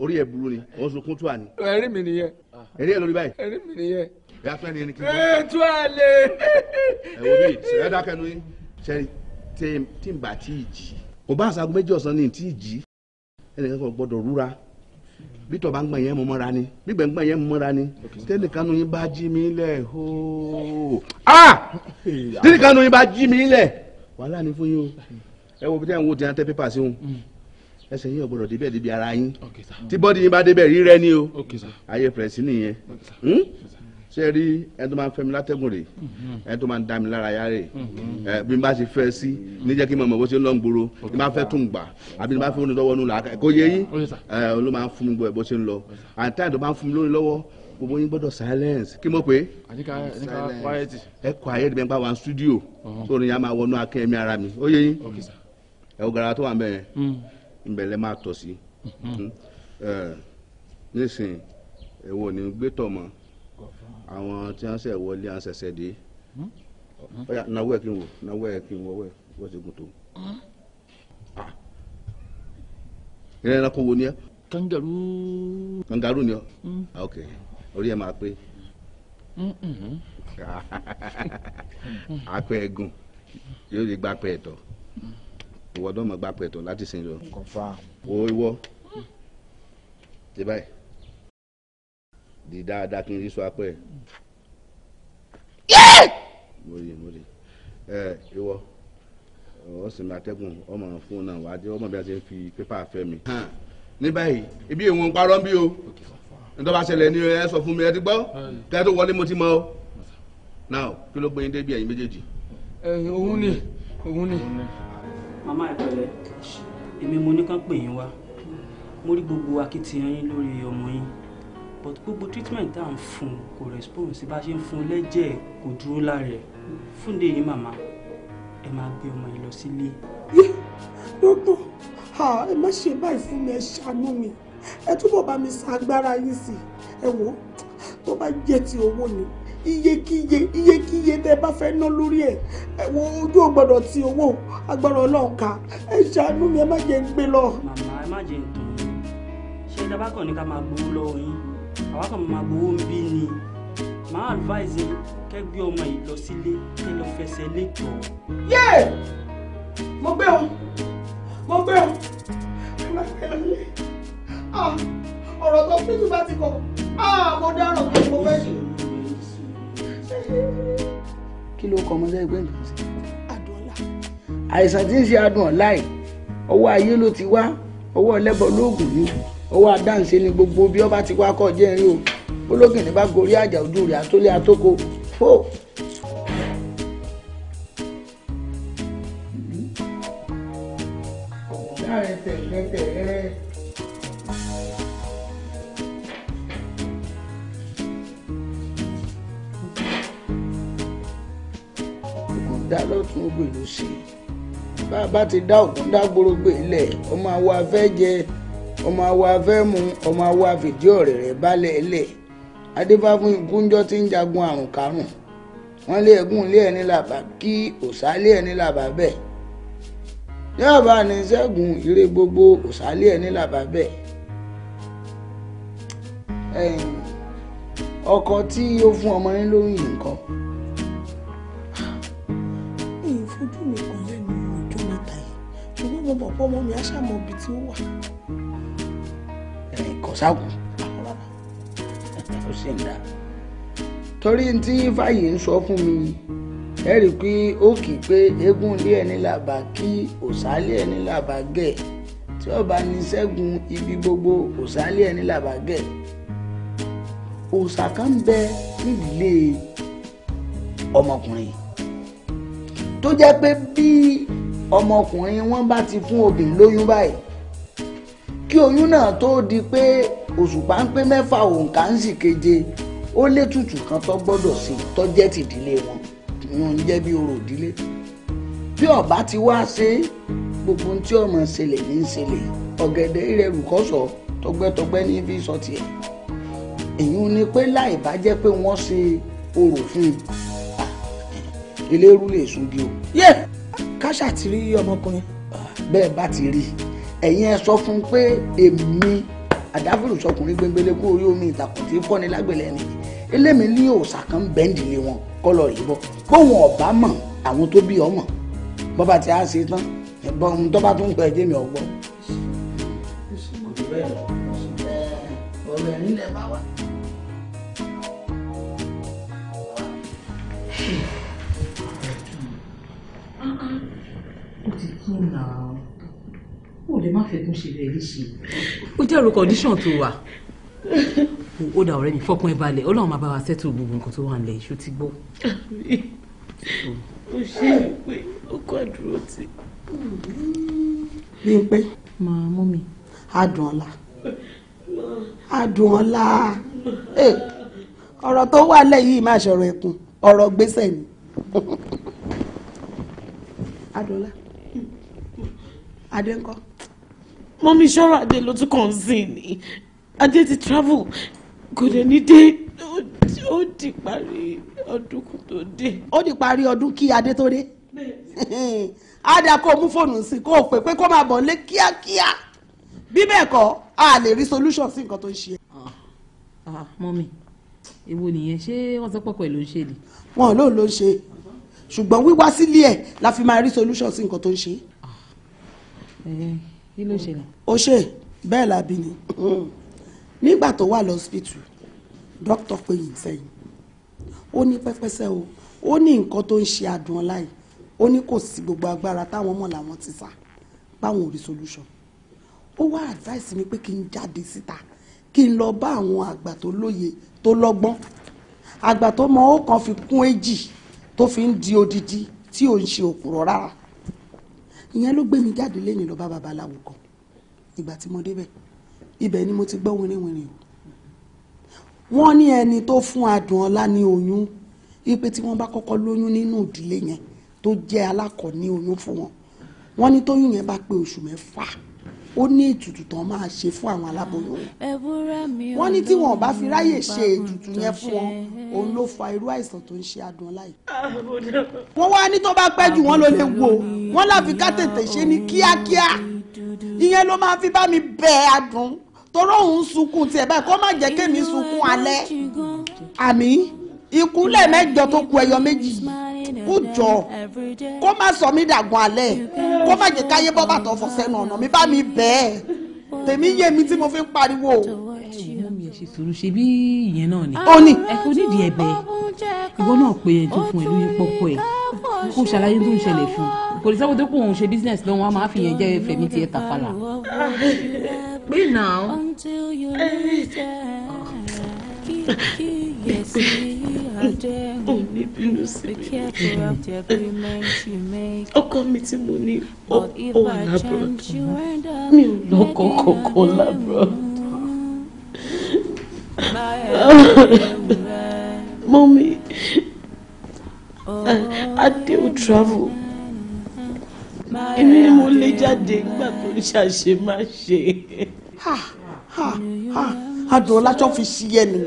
orí ẹ̀ burú ni òun sunkún tuwa ni. ẹ̀rí mi nìyẹn. ẹ̀rí ẹ̀ lórí báyìí. ẹ̀rí mi nìyẹn. ẹ̀ afẹ́ ni ẹni kí n bọ́. ee tuwale. ẹ wo bí sẹ́yìn dákẹ́ nu yín sẹ́yìn tí n bá tí ì jí. kò bá àṣà méjì ọ̀sán ni tí ì jí ẹnìkan kò gbọ́dọ̀ rúra bí tọ́ba ń gbọ̀n yẹn mo mọ́ra ni bí gbẹ̀ ń gbọ̀n yẹn mo mọ́ra ni tẹ́nìkanu yín yín bá jí mi lẹ̀ wàhálà ní fún yín o ẹ wo bí táwọn wo ti hàn tẹ pépà sí òun mm. ẹsẹ̀ yín ọ̀gbọ́dọ̀ débẹ̀ débi ara yín tí bọ́dì yín bá débẹ̀ rírẹ́ ni o ayé pẹ̀rẹ̀sì nìyẹn hmm? ṣé ẹ rí ẹni tó máa ń fẹ́ mi látẹ̀gùn rè mm-hmm. ẹni tó máa ń dá mi lára yá rè mm-hmm. ẹ bí n bá ṣe fẹ́ sí ní jẹ́ kí n mọ̀ mọ̀ bó ṣe ń lọ ń gbòòrò bí n bá fẹ́ tún gbà àbí n bá fẹ́ lóni lọ́wọ́ nù làákà kó yé yín ẹ ló máa ń fún mi gbọ́ ẹ bó ṣe ń lọ àti táyà tó máa ń fún mi lóni lọ́wọ́ gbogbo yín gbọ́dọ̀ silence kí mo pé. àdìka quiet. ẹ kọ ayé mi gba wa studio uh-huh. so ni yà máa wọnú akẹ́mi ara mi ó yé yín ẹ o gara tó wà mẹ́rin nbẹ̀lẹ̀ hmm. máa tọ̀ sí mm-hmm. hmm. nísìnyí èwo ni gbẹ́tọ̀ mọ́ àwọn tí wọ́n ṣẹ̀ wọlé à ń ṣẹ̀ṣẹ̀ dé ọ̀yà náwó ẹ̀ kí n wò náwó ẹ̀ kí n wò wẹ̀ wọ́n ti gùn tó. Hmm? ìrẹ́nà kò wo ni ẹ. kangaroo. kangaroo ni ọ. Ah, ok orí ẹ máa pé apẹ ẹgùn yóò lè gba apẹ ẹtọ ìwọ náà máa gba apẹ ẹtọ láti sìn lọ wo ìwọ ṣe báyìí di dáadáa kí n rí sọ apẹ mo rí mo rí ẹ ìwọ ọ sì máa tẹ́gùn ọmọ fún un náà wájú ọmọ bí a ṣe ń fi pépà fẹ́ mi. ní báyìí ibi ìwọ̀n parọ́ bí o. Okay nítorí bá ṣẹlẹ̀ ní ẹ sọ fún mi ẹ ti gbọ́ kẹ́ tó wọlé mo ti mọ o náà kí ló gbé yín débi ẹ̀yin méjèèjì. òun ni òun ni. màmá ìpẹ̀lẹ́ èmi mo ní kán pè yín wá mo rí gbogbo akitiyan yín lórí ọmọ yín but gbogbo treatment tá à ń fún kò response bá ṣe ń fún lẹ́jẹ̀ kò dúró lára ẹ̀ fún de yín màmá ẹ máa gbé ọmọ yín lọ sílé. dókítà ẹ má ṣe báyìí fún mi ẹ ṣàánú mi ẹ túbọ̀ bá mi san agbára yín sí ẹ wò tó bá jẹ́ ti owó ni iyekíye iyekíye tẹ bá fẹ́ ná lórí ẹ̀ ẹ wo ojú ò gbọ́dọ̀ ti owó agbára ọlọ́run ká ẹ ṣàánú mi ẹ má jẹ́ ń gbé lọ. màmá ẹ má jẹ́ ìtàn yín ṣé dábàá kan ní ká máa gbowó lọ́wọ́ yín àwa kan máa gbowó ń bí ni màá advise kẹ́ gbé ọmọ yìí lọ sílé kẹ́ lọ fẹsẹ̀ lẹ́jọ́. yé mo gbé òun mo gbé òun Ah, ọ̀rọ̀ tó pínlú bá ti kọ̀ mo dáràn pé mo fẹ́ ṣe. kí ló kọ ọmọ sẹ́yìn pé nǹkan sí. adùnọ̀lá. àìsàn tí ń ṣe adùnọ̀lá yìí ọwọ́ ayé ló ti wá ọwọ́ ẹlẹ́bọ lóògùn ni ọwọ́ adáǹṣe ni gbogbo bí ọba ti wá kọ́ jẹ́ rí o ológin ní bá gorí àjà ojú rẹ̀ àtólé àtókò fò. láàrin tẹ̀lé tẹ̀lé. dá lọ́tún ó gbè lósì bá a bá ti dá òkun dá gbòrógbè lẹ̀ ọmọ àwa afẹ́ jẹ ọmọ àwa afẹ́ mu ọmọ àwa fìdí ọ̀rẹ́ rẹ̀ balẹ̀ lẹ̀ adébáfún ikúnjọ́ ti ń jagun àrùn karùn-ún wọ́n lé ẹ̀gún lé ẹni làbà kí òsà lé ẹni làbà bẹ́ẹ̀ yóò bá ní ṣẹ́gun ire gbogbo òsà lé ẹni làbà bẹ́ẹ̀ ọkọ tí ó fún ọmọ yín lóyún nǹkan. mo mọ̀ pé ọmọ mi á ṣàmọ̀ ibi tí ó wà. kọ̀sáàkù ó sì ń dá torí tí fàyè ń sọ fún mi ẹ rí i pé ó kì í pé eégún ilé ẹni làbá kí òsálẹ̀ ẹni làbá gẹ̀ tí ọba ní ṣẹ́gun ibi gbogbo òsálẹ̀ ẹni làbá gẹ̀ òòṣà kan bẹ nídìílé ọmọkùnrin tó jẹ́ pé bí ọmọkùnrin wọn bá ti fún obìnrin lóyún báyìí kí oyún náà tó di pé òṣùpá ń pé mẹ́fà òǹkà ń sì keje ó létùtù kan tó gbọ́dọ̀ sí tọ́jẹ́ tìdílé wọn ìyẹn ń jẹ́ bí orò ìdílé bí ọba ti wá ṣe gbogbo ohun tí ọmọ ṣẹlẹ̀ ní ṣẹlẹ̀ ọ̀gẹ̀dẹ̀ ìrẹrù kọ́sọ̀ tọgbẹ́tọgbẹ́ ní bí sọ tiẹ̀ èyí ni pé láì bá jẹ́ pé wọ́n ṣe orò fún un ah, eléru lè sungi o. Yeah! káṣà ti rí ọmọkùnrin bẹ́ẹ̀ bá ti rí ẹ̀yin ẹ sọ fún un pé èmi àdáfòrò sọkùnrin gbẹngbẹlẹ kú orí omi ìtàkùn tí fọ́ni lágbẹ̀lẹ̀ ni elémi ní òòsà kan bẹ́ǹdì lé wọn kọ́lọ̀ rí bọ́ kóhun ọ̀bá mọ̀ àwọn tó bí ọmọ bọ́ba tí a ṣe tán ẹ̀bọn tó bá tún pẹ̀ jẹ́mi ọ̀gbọ́n. ọ̀rọ̀ ẹ̀rín lẹ bá wà. O ti kú náà ó lè má fẹ́ kún ṣe rẹ̀ léṣe. ó jẹ́ ro condition tó wà ó dà ọ̀rẹ́ mi fọkàn ẹ balẹ̀ ọlọ́run máa bá wa ṣètò gbogbo nǹkan tó wà nílẹ̀ iṣu ti gbọ́. ó ṣe é pé ó kọ́ dúró tì. bí n màá mú mi. adùn ọ̀la adùn ọ̀la ọ̀rọ̀ tó wà lẹ́yìn máa ṣọ̀rọ̀ ẹ̀kún ọ̀rọ̀ gbèsè ni. adùn ọ̀la adé ńkọ́. mọ́mí sọ̀rọ̀ adé ló tún kàn sí ni adé ti travel kò dé ní dé ó di parí ọdún kò tó dé. ó di parí ọdún kí adé tó dé. ada kó mú fóònù sí kó o pé kó máa bọ̀ lé kíákíá bí bẹ́ẹ̀ kọ́ a lè rí solution sí nǹkan tó ń ṣe. Ah, ah, mọ́mí èwo nìyẹn ṣé wọ́n sọ pọ̀pọ̀ ló ń ṣe ni. wọn ò lóun ló ń ṣe ṣùgbọ́n wíwá sílé ẹ̀ la fi máa rí solution sí nǹkan tó ń ṣe kí ló ṣẹlẹ̀. ó ṣe bẹ́ẹ̀ làbí ni nígbà tó wà lọ́sibítù dókítà pé yìí sẹ́yìn ó ní pẹ́pẹ́sẹ́ o ó ní nǹkan tó ń ṣe adùn ọ̀la yìí ó ní kò sí gbogbo agbára táwọn mọ̀ làwọn ti sà báwọn ò rí solution ó wá advice mi pé kí n jáde síta kí n lọ bá àwọn àgbà tó lóye tó lọ́gbọ́n àgbà tó mọ ó kàn fi kún èjì tó fi ń di odidi tí ò ń ṣe òpùrọ̀ rárá ìyẹn ló gbé mi jáde lẹ́ni lọ bá babaláwo kan ìgbà tí mo débẹ̀ ibẹ̀ ni mo ti gbọ́ wìrìwìrì o wọ́n ní ẹni tó fún Adùnọlá ní oyún ipe tí wọ́n bá kọ́kọ́ lóyún nínú ìdílé yẹn tó jẹ́ alákọ̀ọ́ní oyún fún wọn wọ́n ní tóyún yẹn bá pé oṣù mẹ́fà ó ní ètùtù tán máa ṣe fún àwọn aláboyún wọn ní tí wọn ò bá fi ráyè ṣe ètùtù yẹn fún wọn òun ló fa irú àìsàn tó ń ṣe Adùnọlá yìí. Ah, wọ́n wá ní tó bá pẹ́ jù wọ́n ló lè wò wọ́n láfi ká tètè ṣe ní kíákíá ìyẹn ló máa fi bá mi bẹ́ẹ̀ adùn torọ́ òun sunkún tiẹ̀ báyìí kó má jẹ́ kémi sunkún alẹ́ àmì ìkúnlẹ̀ mẹ́jọ tó ku ẹyọ méjì yìí kó jọ kó má sọ mí dàgbọ́n alẹ́ kó má jẹ́ káyé bọ́ bàtọ̀ fọ̀ sẹ́nu ọ̀nà mi bá mi bẹ́ẹ̀ tèmi yé mi tí mo fi ń pariwo. ìyá mi ẹ ṣe sùúrù ṣe bí ìyẹn náà ni. ó ní. ẹ kò nídìí ẹ̀bẹ̀ ìwọ náà pé ẹ tó fún ẹ lóyún pọpọ ẹ kó ṣàlàyé tó ń ṣẹlẹ̀ fún kò lè sábà tó kó òun ṣe business lọ́wọ́ wọn a máa fi yẹn jẹ́ fẹ̀mí tiẹ̀ tàfàlà. Ah. pé náà. Yes, we are Only bínú sí mi. Be careful of you make. Ọkọ mi tí mo ní ó wà lábúrò. Mi ò lọ́kọ kọ̀ọ̀kan lábúrò. Mọ́mí, Adé ò travel. Èmi ni mo lè jáde nígbà tó ń ṣàṣemáṣe adùnọlá tó fi ṣí ẹ ni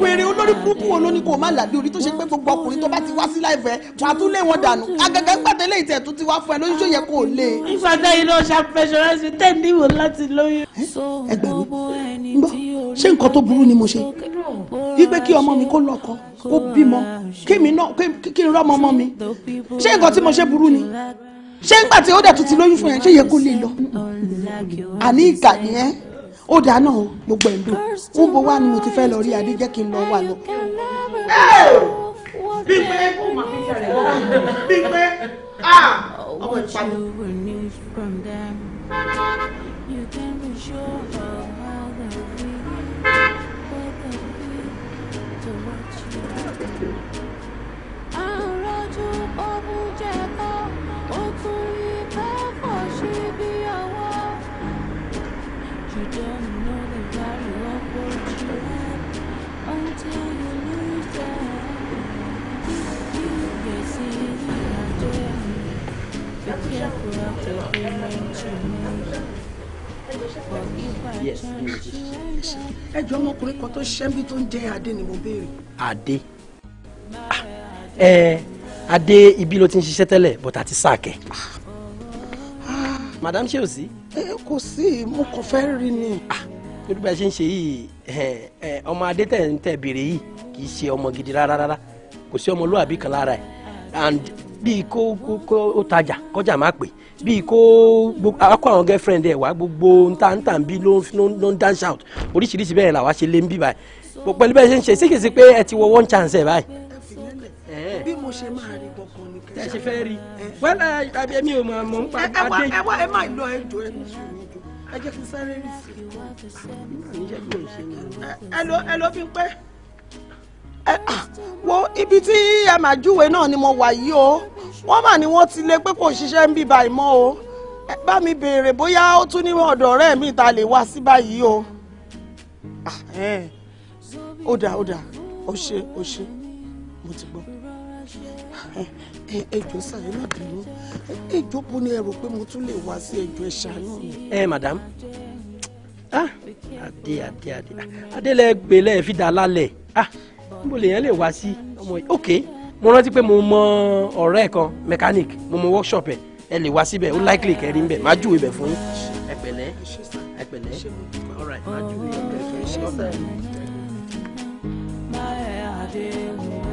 wèrè olórí burúkú wo ló ní kó má làbí orí tó ṣe pé gbogbo ọkùnrin tó bá ti wá sí láìfẹ́ wà tún lé wọn dànù agàgà gbàdé lè tẹ̀ tún ti wá fún ẹ lóyún tó yẹ kó lé. E. nígbà tẹ́yìn náà ṣàpẹṣọrẹ́sì tẹ́ǹdì wò láti lóyún. ẹ gbà mí gbọ́ ṣé nǹkan tó burú ni mo ṣe wípé kí ọmọ mi kó lọ́kọ kó bímọ kí mi náà kí n rọ́mọ ọmọ mi ṣé nǹkan tí mo ṣe burú ni ṣé nígbà tí ó dẹ̀ tún ti lóyún fún ẹ ṣé yẹ kó lè lọ àní ìkà yẹn ó dáná gbogbo ẹ̀ ń dùn ń bọ̀ wá ni mo ti fẹ́ lọ rí adé jẹ́ kí n lọ wà lọ. bí pé bí ah! pé ọmọ ìpàdé. You can be sure of how they to what you careful of the women to me. ẹ jọ ọmọkùnrin kan tó ṣẹ́bí tó ń jẹ́ adé ni mo béèrè. adé ẹ ah, eh, adé ibi ló ti ń ṣiṣẹ́ tẹ́lẹ̀ bọ́tà ti sáàkẹ́. Ah, madam ṣé o sí. ẹ kò sí mo kàn fẹ́ rí ni. Ah, lórí bá a ṣe ń ṣe yìí eh, eh, ọmọ adé tẹ̀ ń tẹ̀ béèrè yìí kì í ṣe ọmọ gidi rárá rárá kò sí ọmọlúwàbí kan lára ẹ̀ and bíi kó kó tajà kọjá máa pè bíi kó akọ àwọn girlfriend ẹ wá gbogbo ntàntàn bíi ló ń dance out oríṣiríṣi bẹ́ẹ̀ làwa ṣe lé ń bí báyìí pẹ̀lú bẹ́ẹ̀ ṣe ń ṣe ṣékèsí pé ẹ ti wọ one chance ẹ̀ báyìí. bí mo ṣe máa rí gbọ̀ngàn ni kẹ́sà. ẹ ṣe fẹ́ rí wẹ́lẹ̀ àbí ẹ̀mí ò mọ̀ mọ̀ ń pa adé. ẹ wá ẹ má lọ ẹ ní sùn ẹ jẹ́ kí sáré rì sí ẹ lọ bí pẹ́. Eh, ah, wo ibi tí ẹ máa júwe náà ni mo wà yìí o wọ́n mà ní wọ́n ti lé pé kò ṣiṣẹ́ ń bí báyìí mọ́ o ẹ eh, bá mi béèrè bóyá ó tún ní ọ̀dọ̀ ọ̀rẹ́ mi ta lè wá sí báyìí o ah, eh. ó dà ó dà ó ṣe ó ṣe mo ti gbọ́ ẹjọ sáré má bínú ẹjọ bó ni ẹ rò pé mo tún lè wá sí ẹjọ ẹ ṣàánú mi. ẹ madam ah, adé adé adé adé lẹ gbé lẹ fi dà lálẹ́ ah níbo lèèyàn lè wá sí ọmọ yìí ok mo rántí pé mo mọ ọ̀rẹ́ kan mechanic mo mọ workshop ẹ̀ ẹ lè wá síbẹ̀ ó likely kẹ́rí ń bẹ̀ má júwe bẹ̀ fún ẹ pẹ̀lẹ́ ẹ má júwe bẹ̀ fún ẹ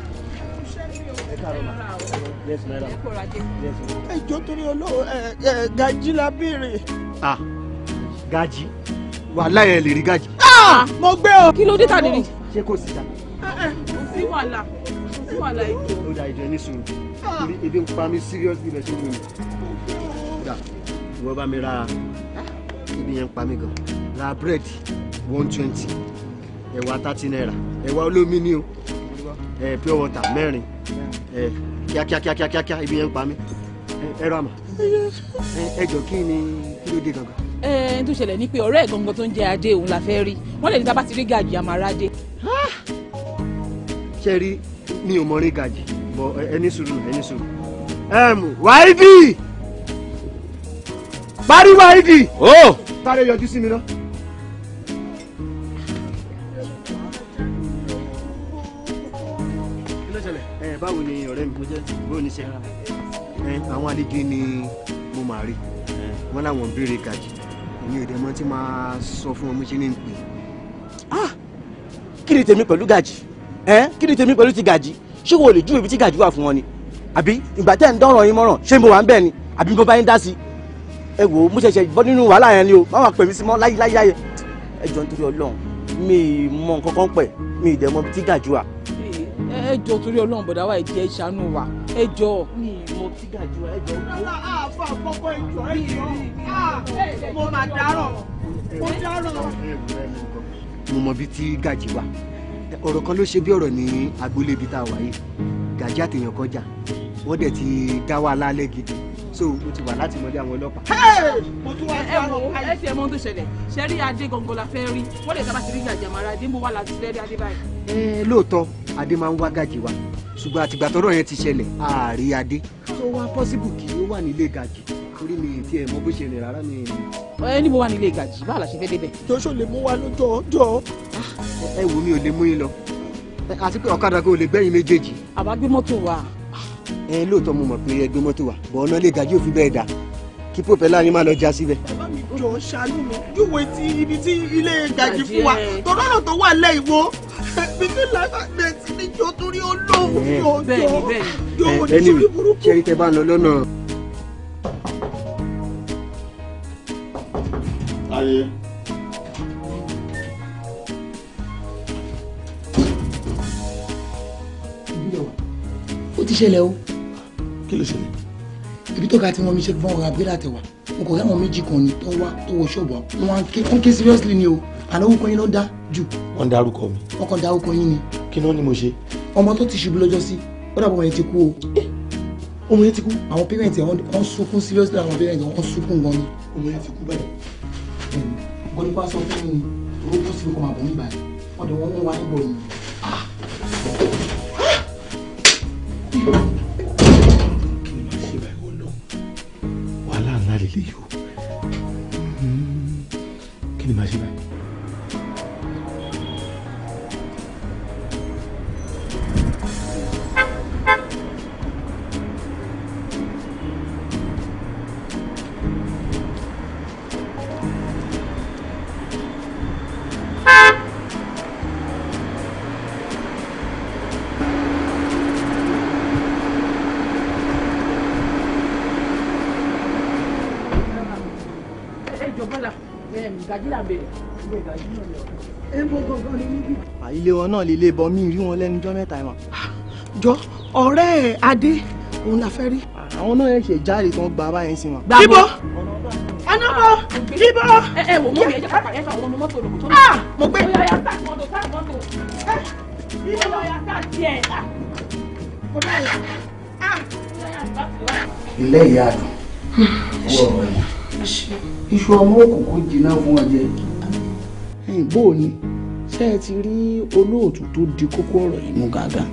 ẹ jọ torí olóò ẹ ẹ gají la béèrè. ah gají wàhálà yẹn lè rí gají. Ah, mo gbé o. kí ló dé tà nìyí. ṣé kò sí ta. Eh, eh, kò sí wàhálà kò sí wàhálà ìjọ. ó dà ìjọ ní sùúrù ah. torí ebi ń pa mí seriously lẹ́sìn mi. kódà ìwọ bá mi ra ebi yẹn ń pa mí gan ra búrẹ́dì one twenty ẹ̀wà thirty naira ẹ̀wà olómi ni o ẹ̀ eh, pure water mẹ́rin kíákíá eh, kíákíá kíákíá ibi yẹn ń pa mí eh, ẹ rọ àmà eh, ẹ jọ kí ni kí ló dé gangan. ẹ tó ṣẹlẹ̀ ni pé ọ̀rẹ́ ẹ̀ gangan tó ń jẹ́ adé òun la fẹ́ rí wọ́n lè ní tá a bá ti rí gàjì àmàrà dé. ṣe rí mi ò mọ rí gàjì bọ ẹni sùúrù ẹni sùúrù. wáìdì parí wáìdì. ó. Oh! sáré yọjú sí mi náà. ọ̀rẹ́ mi bó ní ṣe. àwọn adigun ni mo máa rí wọn làwọn béèrè gàjì èmi ò dẹ̀ mọ̀ tí máa sọ fún wọn mo ṣe ní n pè. Ah! kí ni tèmi pẹ̀lú gàjì kí ni tèmi pẹ̀lú ti gàjì ṣé wo lè ju ibi tí gàjì wà fún wọn ni àbí ìgbà tẹ́ ń dọ́rọ̀ yín mọ́ràn ṣé mo wà ń bẹ̀ ni àbí mo bá yín dá sí ẹ wò mo ṣẹ̀ṣẹ̀ bọ́ nínú wàhálà yẹn ni o má pè mí sí mọ́ láyé láyé ẹ jọ nítorí ọlọ́run mi ì mọ nǹkan kan pẹ̀ mi ì dẹ̀ mọ ibi tí gàjì wà ẹ jọ torí Ọlọ́run bọ̀dá wa ìjẹ́ ìṣàánú wa ẹ jọ. mi mo ti gà ju ẹ jọ. rárá àkọ́kọ́ ìjọ ẹ mo máa dárọ̀ mo dárọ̀. mo mọ bí tí gàjí wà ọ̀rọ̀ kan ló ṣe bí ọ̀rọ̀ ní agboolé tá a wà yìí àtẹ̀yàn kọjá wọ́n dẹ̀ ti dá wa lálẹ́ gidi so o ti wà láti mọlé àwọn ọlọ́pàá. mo tún wá sí àwọn ẹ ti ẹ mọ ohun tó ṣẹlẹ̀ ṣe rí adé gangan la fẹ́ rí wọ́n lè dábàá sí rí gàjà mara adé mo wà láti fẹ́ rí adé báyìí. ẹ lóòótọ́ adé máa ń wá gàjì wa ṣùgbọ́n àtìgbà tọ́rọ̀ yẹn ti ṣẹlẹ̀ ààrí adé tó wá pọ́sibù kì í wà nílé gàjì torí mi ti ẹ̀ mọ bó ṣe lè rárá mi. ẹ ní wà nílé gàjì báwo la fẹ́ débẹ̀. jọ́sọ̀ lè mú wa lójó ọjọ́. Ah, ẹ wo mi ò lè mú yín lọ àti pé ọ̀kadà kò lè gbẹ́yìn méjèèjì. àbá gbé mọ́tò wa ẹ lóòótọ́ mo mọ̀ pé ẹ mọ́tò wá bọ̀ ọ̀nà lè gàjú òfin bẹ́ẹ̀ dà kí pòpẹ́lá yín máa lọ já síbẹ̀. ẹ bá mi jọ ṣàánú mi júwe ti ibi tí ilé gàjí fún wa tọ́lọ́nà tó wà lẹ́ ìwo bíbí làbàgbẹ́ ti ní jọ torí ó lóhùn yóò ní sórí burúkú. ṣé tẹ bá lọ lọ́nà. ayé. ti ṣẹlẹ̀ o. kí ló ṣẹlẹ̀. ibi tó ga tí wọn mi ṣe fún ọ̀rọ̀ abẹ́rẹ́ àtẹ̀wà mo kọ̀ rẹ́wọ̀n méjì kan ní tọ́wá tó wọ ṣọ́ọ̀bù àwọn wọn ké kún ké seriously ni o ànáwó kan yín ló dá jù. wọ́n dárúkọ mi. wọ́n kàn dárúkọ yín ni. kí ló ní mo ṣe. ọmọ tó ti ṣubú lọ́jọ́ sí ó dàbọ̀ ọmọ yẹn ti kú o. Eh, ọmọ yẹn ti kú. àwọn parents ẹ̀ wọ́n sunkún seriously àwọn parents wọ́n sunkún gan ni. ọmọ yẹn ti kú báyìí. ọ̀gbọ́n nípa sọ fún mi ni owó kó sí kó máa bọ̀ nígbà yìí ọ̀dọ̀ wọn wọ́n wá níbọ̀ yìí. kí ni màá ṣe báyìí wọ́n lọ wàhálà ńlá lè lè yìí o hmm. ṣe báyìí. ilé wọn náà lè lè bọ mí rí wọn lẹ́nu jọ́ mẹ́ta ẹ̀ mọ̀. Ah, jọ ọ̀rẹ́ adé òun la fẹ́ rí. àwọn náà ṣe jáde tó ń gba báyẹn sí wọn. bíbọ anábọ bíbọ. ẹ ẹ wò mú mi ẹ jẹ ká pàdé fún àwọn ọmọ mọ́tò lòkùtò. a ah, mo gbé. Eh, ó yá ya tá mọ́tò tá mọ́tò. bíbọ ó yá tá tiẹ̀. kò bẹ́ẹ̀ la. ilé ìyá àdùn wọ ọ̀rọ̀ yìí iṣu ọmọ òkùnkùn jìnnà fún ọjẹ. bó o ní di kókó ọ̀rọ̀ yìí mú gàgà.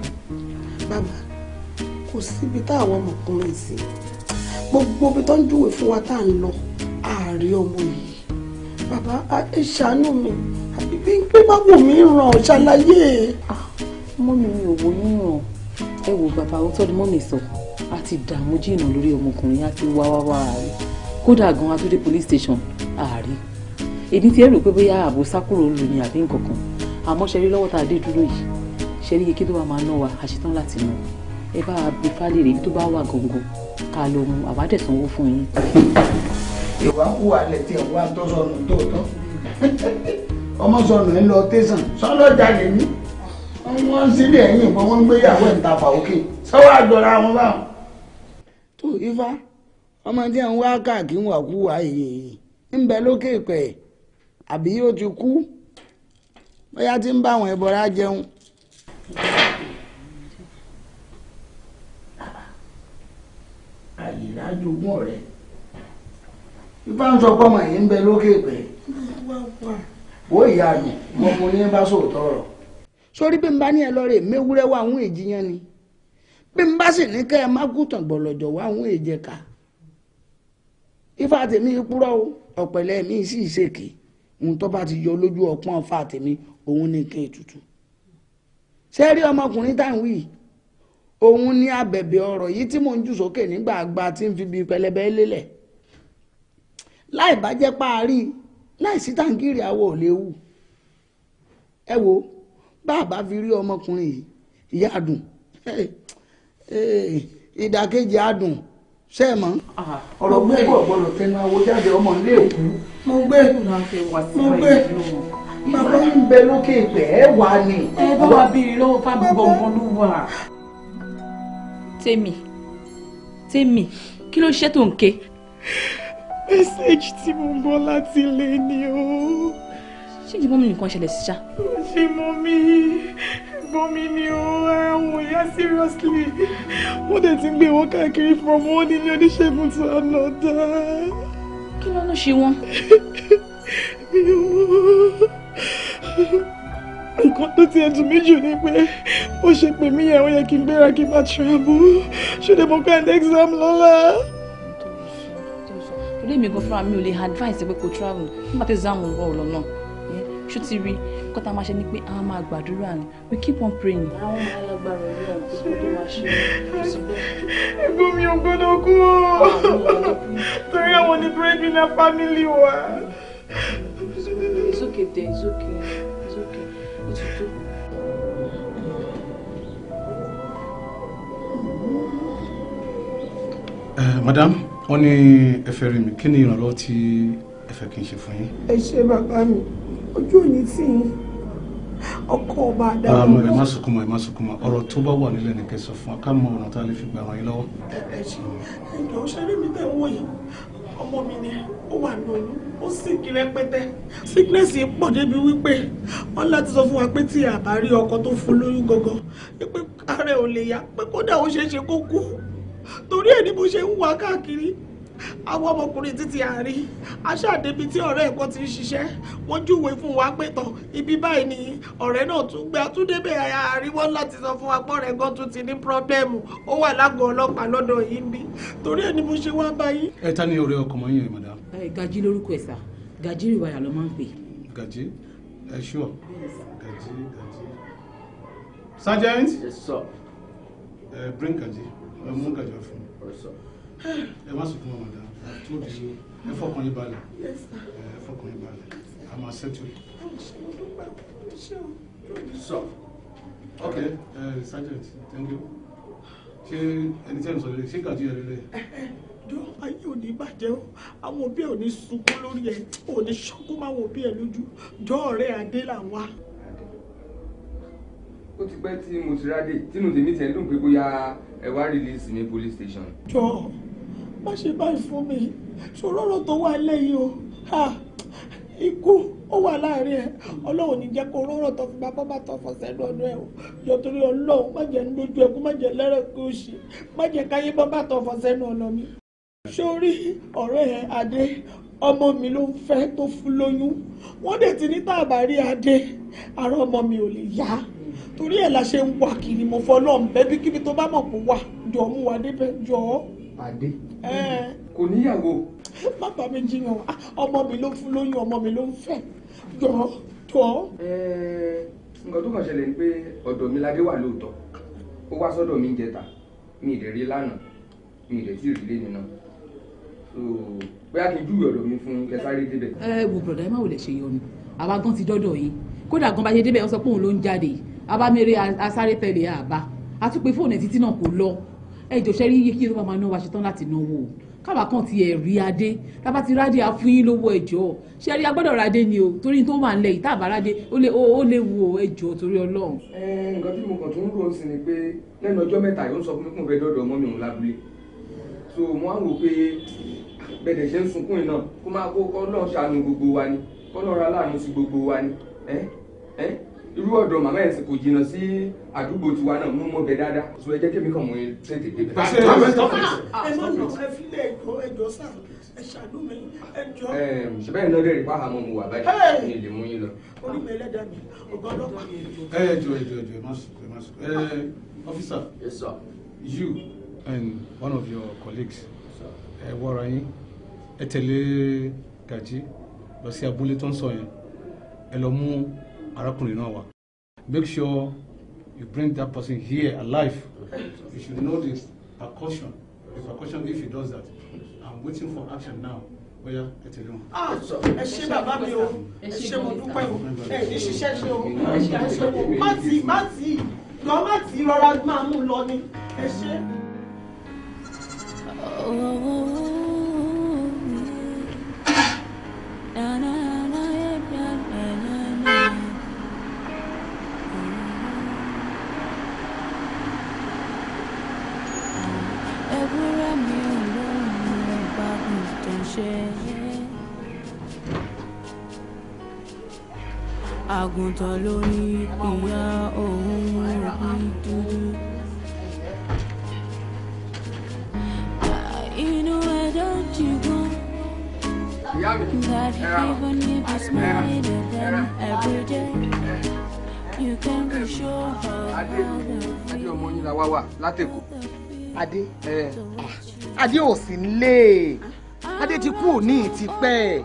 bàbá kò síbi tá àwọn ọmọkùnrin sí gbogbo ibi tó ń júwèé fún wa tá à ń lọ ààrẹ ọmọ yìí bàbá ẹ ṣàánú mi àbí pé bá wù ràn ṣàlàyé. Ah, mọ́ mi ò wo yín ràn ẹ wo bàbá ó ni mọ́ mi sọ a dààmú jìnnà lórí ọmọkùnrin a ti rẹ̀ kódà gan atúndé police station ààrí èmi ti rò pé bóyá ààbò sákòrò lù ní àbí nǹkan kan àmọ́ ṣe rí lọ́wọ́ tá a dé dúró yìí ṣe rí ike tó bá máa ná wa àṣetán láti mú ẹ bá gbé fálẹ̀ rèébi tó bá wà gọ̀ǹgọ̀ ká lọ mu àwádẹ́sánwó fún yín. ìwà kú alẹ̀ tí ìwà tó sọnù tóòtọ́ ọmọ sọnù ń lọ tẹ̀sán sọlọ́jà lèmi wọ́n ń sílẹ̀ ẹ̀yìn ìbọn gbéyàwó ẹ̀ ń ta fà òkè sọ́wọ́ àjọra wọn báwọn. tó ifá ọmọ tí ń wá káàkiri wàkúwà yìí ń bẹ lókè pẹ̀ àbí ó ti kú bóyá tí ń bá àwọn ẹbọra jẹun. àyìnlá jogún ọ̀rẹ́ ifá ń sọ pọ́mọ yìí ń bẹ lókè pẹ̀ wó ìyá àdùn ọmọkùnrin ní bá sòótọ́ ọ̀rọ̀. sórí bí n bá ní ẹ lọ rè wá àwọn èjìyàn ni bí n bá sì ní kẹ́ ẹ má kú tàn gbọ̀lọ̀jọ̀ wá àwọn èjẹ̀ka ifá tèmi kúrọ́ o ọ̀pẹ̀lẹ̀ mi sì ṣèké ohun tó bá ti yọ lójú ọpọ́n ifá tèmi òun ni nǹkan ètùtù ṣé rí ọmọkùnrin tá à ń wí òun ni abẹ̀bẹ̀ ọ̀rọ̀ yìí tí mò ń jù sókè nígbà àgbà tí ń fi bi pẹlẹbẹ lélẹ̀ láì bá jẹ́ láì sí tàǹkìrì àwọ̀ léwu ẹ wo bá a bá fi rí ọmọkùnrin yìí ìyá àdùn eh, eh, ìdàkejì àdùn ṣé ẹ mọ̀. ọ̀rọ̀ gbé bọ̀ gbọ́dọ̀ tẹnu awo jáde ọmọ ilé òkú. mo gbé mo gbé bàbá ń bẹ lókè ìpẹ́ ẹ wà ní. ẹ bá wa bí i lọ́wọ́ fábùbọ̀ ọmọ ló wà. tèmi tèmi kí ló ṣe tó ń ké. mẹ́sẹ̀gì tí mo gbọ́ láti lè ní o. ṣé ìdí mọ́mí nǹkan ṣẹlẹ̀ sí ṣá. ṣé mọ́mí ẹ̀gbọ́n mi ni o ẹ̀wọ̀n yẹn seriously wọ́n dẹ̀ ti ń gbé wọn káàkiri from one ní oníṣègùn to another. kí ló ń ṣe wọn. nǹkan tó ti ẹ̀dùn méjì ni pé ó ṣe pè mí yẹn ó yẹ kí n gbéra kí n máa travel ṣùgbọ́n mo kọ́ ẹ̀ exam lọ́la. torí èmi gan fúnra mi ò lè advice pé kò travel nígbà tó exam ń bọ̀ lọ náà ṣó ti rí nǹkan tá a máa ṣe ni pé a máa gbàdúrà ni we keep on praying. àwọn máa lágbára ọ̀rẹ́ ọ̀hún kó tó máa ṣe ẹ̀gbọ́n mi ò gbọ́dọ̀ kú o torí àwọn ní bírèdì náà fámìlì wa. it's okay there it's okay it's okay eh, madam wọ́n ní ẹ fẹ́ rí mi kí ni ìrànlọ́wọ́ tí ẹ fẹ́ kí n ṣe fún yín. ẹ ṣe bàbá mi ojú òní tì í ọkọ ọba adáwọ. àmọ́ ẹ má sunkún mọ́ ẹ má sunkún mọ́ tó bá wà nílẹ̀ nìkan sọ fún wa ká mọ ọ̀nà tá a lè fi gbà ràn yín lọ́wọ́. ẹ ṣe ẹjọ́ ṣẹlẹ̀ mi bẹ wọ yìí ọmọ mi ni ó wà lóyún ó sì kí rẹpẹtẹ sickness yìí pọ̀ débi wípé wọ́n láti sọ fún wa pé tí àbá rí ọkọ tó fún lóyún gangan pé ara ẹ̀ ò lè yá pé kódà ó ṣeé ṣe kó kú torí ẹ̀ ni mo ṣe ń wá káàkiri àwọn ọmọkùnrin títí àárín aṣáàdébi tí ọ̀rẹ́ ẹ̀kọ́ ti ń ṣiṣẹ́ wọ́n júwèé fún wa pé tán ibi báyìí ni ọ̀rẹ́ náà tún gbé àtúndébẹ̀ àríwọ́ láti sọ fún wa pọ́ rẹ̀ gan tún ti ní pírọ́bẹ́ẹ̀mù ó wà lágọ̀ọ́ ọlọ́pàá lọ́dọ̀ yìí bí torí ẹni mo ṣe wá báyìí. ẹ ta ni ọ̀rẹ́ ọkọ mọ yín yẹn madam. gají lórúkọ ẹ sá gají ìwàyà ló máa ń pè. gají ẹ ṣọ gají gají sergeant. yes sir. ẹ bring gají ẹ mú gají fún mi ẹ má sùn fún wọn madam tó di ẹ fọkàn yín balẹ̀ ẹ fọkàn yín balẹ̀ a máa ṣètò yìí. so ok uh, sergeant thank you ṣé ẹni tẹ́ ń sọ lélẹ̀ ṣé kàdí ẹ lélẹ̀. jọ ayé ò bàjẹ́ o àwọn òbí ẹ̀ ò ní sunkún lórí ẹ̀ ò ní ṣọ́kú máa wọ òbí ẹ̀ lójú jọ ọ̀rẹ́ adé là wá. ó ti pẹ́ tí mo ti rádé tínú tèmi tẹ̀ ń dùn pé bóyá ẹ wá rìlíìsì mi police station. jọ má ṣe báyìí fún mi ṣòro tó wà lẹ́yìn o ikú ó wà láàrin ẹ ọlọ́run ní jẹ́ kó rọ́rọ̀ tó fi gba bọ́bá tó fọ sẹ́nu ọ̀nà ẹ̀ o yọ torí ọlọ́run má jẹ́ lójú ẹkú má jẹ́ lẹ́rẹ̀ kí o ṣe má jẹ́ káyé bọ́bá tó fọ sẹ́nu ọ̀nà mi. sórí ọ̀rẹ́ ẹ adé ọmọ mi ló ń fẹ́ tó fún lóyún wọ́n dẹ̀ ti ní tàbá rí adé ara ọmọ mi ò lè yá torí ẹ̀ la ṣe ń wà kiri mo fọ́ ọlọ́run bẹ́bí kíbi tó bá mọ̀ kó wà jọ̀ọ́ mú wa débẹ̀ jọ̀ọ́. pàdé kò níyàwó. má bá mi jiyàn ah, ọmọ mi ló fún lóyún ọmọ mi ló ń fẹ́ jọ̀ọ́ jọ̀ọ́. nǹkan tó kàn ṣẹlẹ̀ ni pé ọ̀dọ̀ mi ládé wà lóòótọ́ ó wá sọ́dọ̀ mi ń jẹta mi ì dẹ̀rí lánàá mi ì dẹ̀tí ìrílé nínú bóyá kí n júwe ọ̀dọ̀ mi fún kẹsàrí débẹ̀. ẹ wo bùrọ̀dá ẹ má wò lè ṣe yọnu àwa gan ti dọ́dọ̀ yìí kódà gan bá ṣe débẹ̀ wọ́n sọ pé òun ló ń jáde abamere asáré tẹ̀lé àbá àtúpè fóònù ẹ̀ títí náà kò lọ ẹjọ ṣe rí yíyí ló máa náwó aṣetán láti náwó o káwa kan ti ẹ̀rí adé tábà ti rádé afún lówó ẹjọ ṣe rí agbọ́dọ̀ rádé ni o torí tó máa ń lẹ ìtàbà rádé ó lè wo ẹjọ torí ọlọ́run. ẹ nǹkan tí mo kàn tún rò sí ni pé lẹ́nu ọjọ́ mẹ́ta yóò sọ fún mi kún fẹ́ dọ́dọ̀ ọmọ mi òun lábúlé so mo á wò pé bẹ̀dẹ̀ ṣe ń sunkún yìí náà kó máa kó kọ́ náà ṣàánú gbogbo wa ni kọ́ náà ra láàánú sí gbogbo wa ni ẹ ẹ irú ọ̀dọ̀ màmá ẹ̀ kò jìnnà sí àdúgbò tiwa náà mú mọ́ bẹ dáadáa so ẹ jẹ́ kí èmi kàn mú un ṣe tètè ẹ má nà ẹ filẹ̀ ẹjọ́ ẹjọ́ ẹ ṣàánú mi ẹjọ́. ṣe bẹ́ẹ̀ náà rẹ̀rí pàhámọ́ mu wà báyìí ní ilé mú yín lọ. orí mi ẹlẹ́dàá mi ọ̀gá ọlọ́pàá mi ẹjọ́. ẹ ẹjọ́ ẹjọ́ ẹjọ́ ẹ má sùn ẹ má sùn ẹ ọfíìsà. yes sir. you and one of your colleagues ẹ wọra yín ẹ tẹ̀lé gàjí lọ sí abúlé tó ń sọ yẹn ẹ lọ mú arákùnrin náà wá make sure you bring that person here alive you should know this percussion the percussion if he does that i'm waiting for action now bóyá ẹ tẹ̀lé wọn. ẹ ṣé bàbá mi o ẹ ṣé mo dúpẹ́ o ẹ ní ṣiṣẹ́ ṣe o ẹ ṣe o má tì má tì lọ má tì rọra máa mú lọ ni ẹ ṣé. na na ewúrẹ́ mi ò lóhùn ọba gùntàn ṣe. àgùntàn ló ní ìyá òun òbí dúdú. inú ẹ̀dọ́ jìgbọ́n. That even if it's made than every day, you can be sure how proud of adé ah, adé ò sí nílé adé ti kú òní ti pẹ́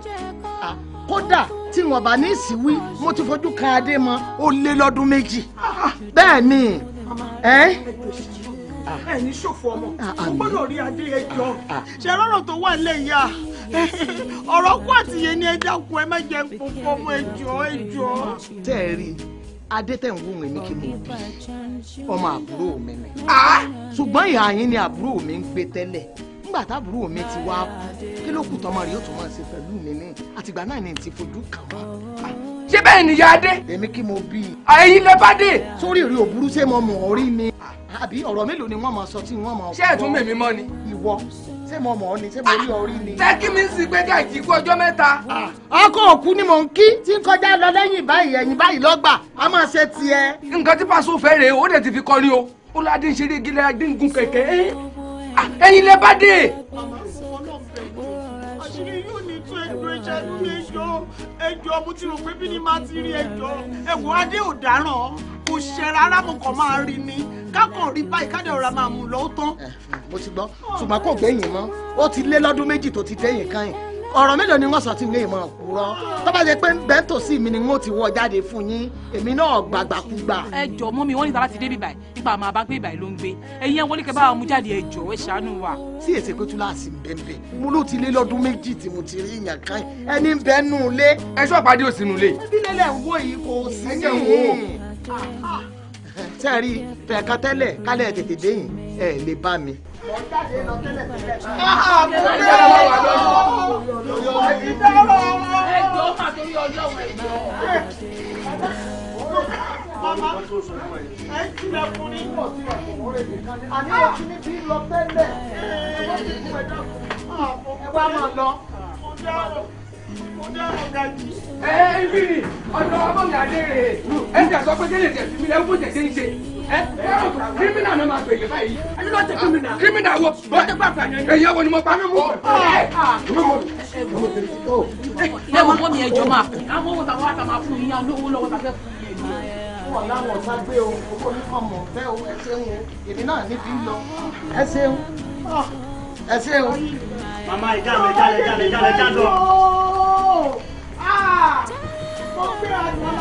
ah, kódà tí wọn bá ní ìsìwí mo ti fojú kan adé mọ ó lé lọ́dún méjì bẹ́ẹ̀ ni ẹ ah, ẹ ní ṣòfò ọmọ ó gbọ́dọ̀ rí adé ẹjọ́ ṣe lọ́rọ̀ tó wà lé ìyá ọ̀rọ̀ kú àtìyẹ ní ẹja kú ẹ má jẹun pọpọ ọmọ ẹjọ́ ẹjọ́. tẹ́ ẹ rí i adé tẹ̀ ń wù mí kí mo bí ọmọ àbúrò mi ni. Ah! Ah! ṣùgbọ́n ìhà yín ni àbúrò mi ń gbé tẹ́lẹ̀ nígbà táàbúrò mi ti wá kí ló kù tọmọ rẹ̀ yóò tún máa ṣe pẹ̀lú mi ní àtìgbà náà ni ti fojú kàn wá. Ah! ṣé bẹ́ẹ̀ ni ìyá adé. èmi kí mo bí. ẹ̀yin lẹ́ bá dé. sórí ìrì òbúrú ṣé mo mọ̀ ọ́ rí ni àbí ọ̀rọ̀ mélòó ni wọ́n máa sọ tí wọ́n máa. ṣé ẹ̀ tún mèmí mọ́ ni. ìwọ ṣé mo mọ̀ ọ́ ni ṣé mo rí ọ rí ni. tẹ́kí mi ń sin pé ká ìkí kú ọjọ́ mẹ́ta. ọkọ òkú ni mò ń kí tí ń kọjá lọ lẹ́yìn báyìí ẹ̀yìn báyìí lọ́gbà a máa ṣe tiẹ̀. nǹkan tí pàṣẹ òfẹ́ rèé ó dẹ̀ ti fi kọrin o ó ládé ń ṣeré gílẹ̀ adéǹgùn kẹ̀kẹ́ ẹ̀yìn lẹ́ bá dé. àmọ́ ọlọ́ọ̀bẹ̀ àṣírí ẹjọ́ mo ti rò pé bí ni máa ti rí ẹjọ́ ẹ̀wọ̀n adé ò dáràn kò ṣe rárá mo kàn máa rí ni kákan rí báyìí káde ọ̀rọ̀ máa mú lọ́wọ́ tán. mo ti gbọ́ ṣùgbọ́n kò gbẹ̀yìn mọ́ ó ti lé lọ́dún méjì tó ti tẹ̀yìn káyìn ọ̀rọ̀ mélòó ni wọ́n sọ tí ilé ìmọ̀ òkúrọ́ tó bá jẹ́ pé bẹ́ńtò sí mi ni wọ́n ti wọ jáde fún yín èmi náà gbàgbàkúgbà. ẹ jọ mọ mi wọn níta láti dé bíbà yìí nípa àmọ́ àbágbé ìbà ló ń gbé ẹyin ẹ wọlé kẹ bá mu jáde ẹ jọ ẹ ṣàánú wa. sí èsè pé túláàsì ń bẹ́ẹ̀ mo ló ti lé lọ́dún méjì tí mo ti rí ìyàn kan ẹni ń bẹ́ẹ̀ nù lé. ẹ sọ pàdé òsì nù lé. ẹbí lẹ́lẹ̀ wo ẹ lè bá mi. ẹ tilẹ̀ máa lọ ẹ ibi ni ọ̀dọ̀ ọmọnyàdé rè é ẹ tẹ sọ pé kéde tẹ fi mi lẹ fún tẹsẹ ń ṣe ẹ kírímìnà náà máa gbèlè báyìí ẹni lọ tẹ kírímìnà kírímìnà wo wọ́n ti pàpà yẹn èyí ẹwọ ni mo pa mímú. ẹ wọ mọ mi ẹjọ́ máa fún àwọn owó tàwọn àtàwọn afún yìí àwọn olówó lọ́wọ́ tàbí ẹkùn yìí ẹjọ́. wọn làwọn ọ̀sán gbé o owó ní ọmọ bẹ́ẹ̀ o ẹ ṣeun o èmi náà níbi ń lọ ẹ ṣeun ẹ ṣeun. màmá ìjà mi jálẹ̀ jálẹ̀ jálẹ̀ jálẹ̀ o mo gbé àdùn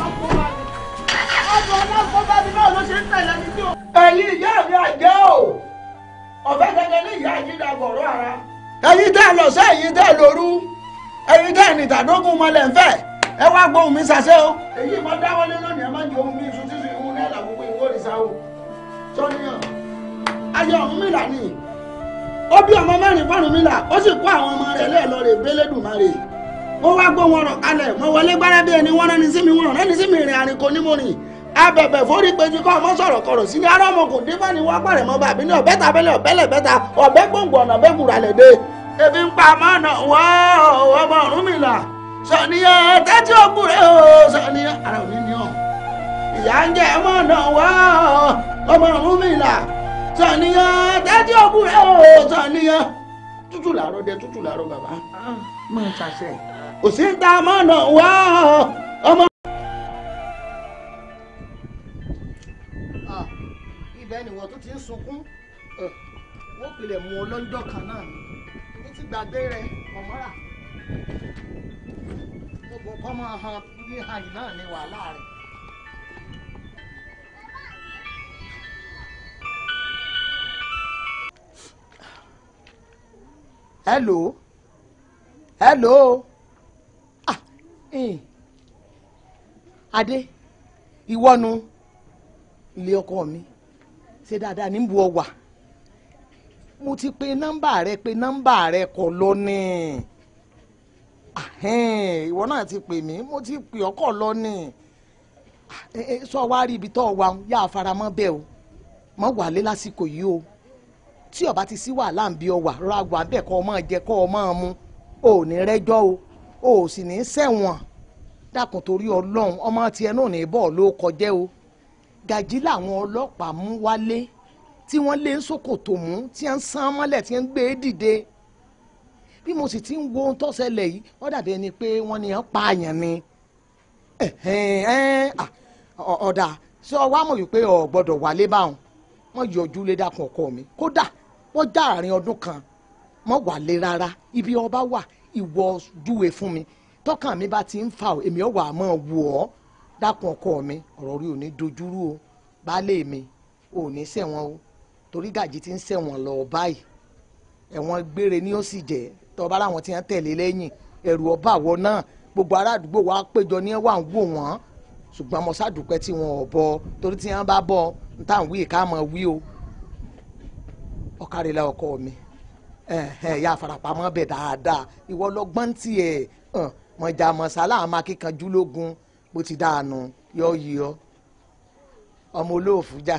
ọlọ́kọ̀ọ́bá mi àdùn ọlọ́kọ̀ọ́bá mi náà ló ṣe ń tẹ̀lé mi tí o. ẹ̀yin ìyá mi àjẹ́ o ọ̀fẹ́ gẹ́gẹ́ ní ìyá yìí dà bọ̀rọ̀ ara. ẹ̀yin tẹ́ lọ sí ẹ̀yin tẹ́ lóru ẹ̀yin tẹ́ nìtàdógún mọ́lẹ̀ ń fẹ́ ẹ wá gbóhùn mi ṣàṣẹ o. èyí mo dáwọ́lé lónìí ẹ má jẹ́ ohun mi ìṣú títí ìhun náà làwọn ohun ìwọ́n ìṣá o. sọ́niyàn ayé ọ̀hún mi là ní ó bí ọmọ mẹ́rin fọ́nrún mi là ó sì kó àwọn ọmọ rẹ̀ lẹ́ẹ̀ lọ rè gbélédùmarè wọ́n wá gbọ́ wọn rọ̀ kalẹ̀ mọ wọlé gbáradì ẹni wọ́n rẹ́ni sí mi wọ́n rọ̀ rẹ́ni sí mi rìn àrìnkò ní mo rìn abẹ̀bẹ̀ forí péjú kọ́ ọmọ sọ̀rọ̀ kọ̀rọ̀ sí ní ará ọmọ kò dé fani wọ́n pàrẹ̀ mọ́ bàbí ní ọ̀bẹ́ta bẹ́lẹ̀ ọ̀bẹ́lẹ̀ bẹ́ta ọ̀bẹ́ gbòǹgbò ọ̀nà bẹ́ẹ̀ kúra lè dé. ebi ń pa àmọ́ ọ̀nà wọ́ọ́ ọmọ ọ̀run mi là sọ̀nìyàn tẹ́tí ògùn rẹ̀ o sọ̀nìyàn ara ò ní ní ọ̀ ìyá ń jẹ́ ọmọ ọ̀nà wọ́ọ́ ọmọ ọ̀run mi là sọ̀nìyàn tẹ́tí ògùn rẹ̀ o sọ̀nìyàn tútù làárọ̀ dẹ tútù làárọ̀ bàbá. Ah, máa ṣàṣẹ. òsíntà mọ́nà ama ọmọ. Ah, ibẹ̀ ni wọ́n ti ń sunkún eh, wọ́n pilẹ̀ mú kan ti gbogbo ha hello Eh. adé ìwọ nu ilé ọkọ mi ṣe dáadáa ní bu ọwà mo ti pe nọ́mbà rẹ pe nọ́mbà rẹ kọ lọ ní ìwọ náà ti pè mí mo ti pè ọkọ lọ ní ah, eh, eh, sọ wá rí ibi tó wà yá àfaramọ́ bẹ́ẹ̀ o mọ wàlé lásìkò yìí o tí ọba ti sí wàhálà ń bí ọ wà rọra wà kọ ọmọ jẹ kọ ọmọ mu ò ní rẹ́jọ́ o o ò sì ní sẹ́wọ̀n dákun torí ọlọ́run ọmọ tiẹ̀ náà ní bọ́ọ̀ ló kọjẹ́ o gàjí làwọn ọlọ́pàá mú wálé tí wọ́n lé ń ṣòkòtò mú tí wọ́n ń sán mọ́lẹ̀ tí wọ́n gbé e dìde bí mo sì ti ń wo ohun tó ṣẹlẹ̀ yìí wọ́n dàbí ẹni pé wọ́n ní án pààyàn ni ọ̀dà ṣé ọwọ́ àmọ̀ wípé ọ̀ gbọ́dọ̀ wálé báwọn wọ́n yọjú lé dákun ọkọ mi kódà wọ́n já àárín ọdún kan mọ́ wálé rárá ibi ọba wà ìwọ júwe fún mi tọ́kàn mi bá ti ń fà èmi ò wà mọ́ wù ọ́ dákun ọkọ mi ọ̀rọ̀ rí ò ní dojúrú o baálé mi ò ní ṣẹ̀wọ̀n o torí gàjí ti ń ṣẹ̀wọ̀n lọ báyìí ẹ̀wọ̀n gbére ni ó sì jẹ́ tọ́ba láwọn ti ń tẹ̀lé lẹ́yìn ẹ̀rù ọba àwọ náà gbogbo ará àdúgbò wa péjọ ní wà ń wò wọ́n ṣùgbọ́n mo ṣàdúpẹ́ tí wọn ò bọ torí tí wọ́n bá bọ ní táwọn wí ká mọ̀ wí o ọ̀kàrẹ̀lá ọkọ mi ìyá àfarapamọ́ bẹ̀ dáadáa ìwọ lọ́gbọ́n tiẹ̀ mọ̀jà mọ̀sálà àmọ́ akíkanjú lógun bó ti dáanu yọ yí ọ ọmọ olóòfù jà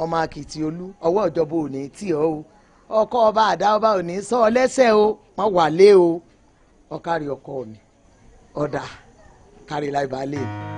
ọmọ akìtì olú ọwọ́ ìjọba ò ní tì ọ́ o ọkọ ọba àdá ọba ò sọ ọ lẹ́sẹ̀ o wọ́n wà o ọkàrí ọkọ mi ọ̀dà kárí láì bá lè mi.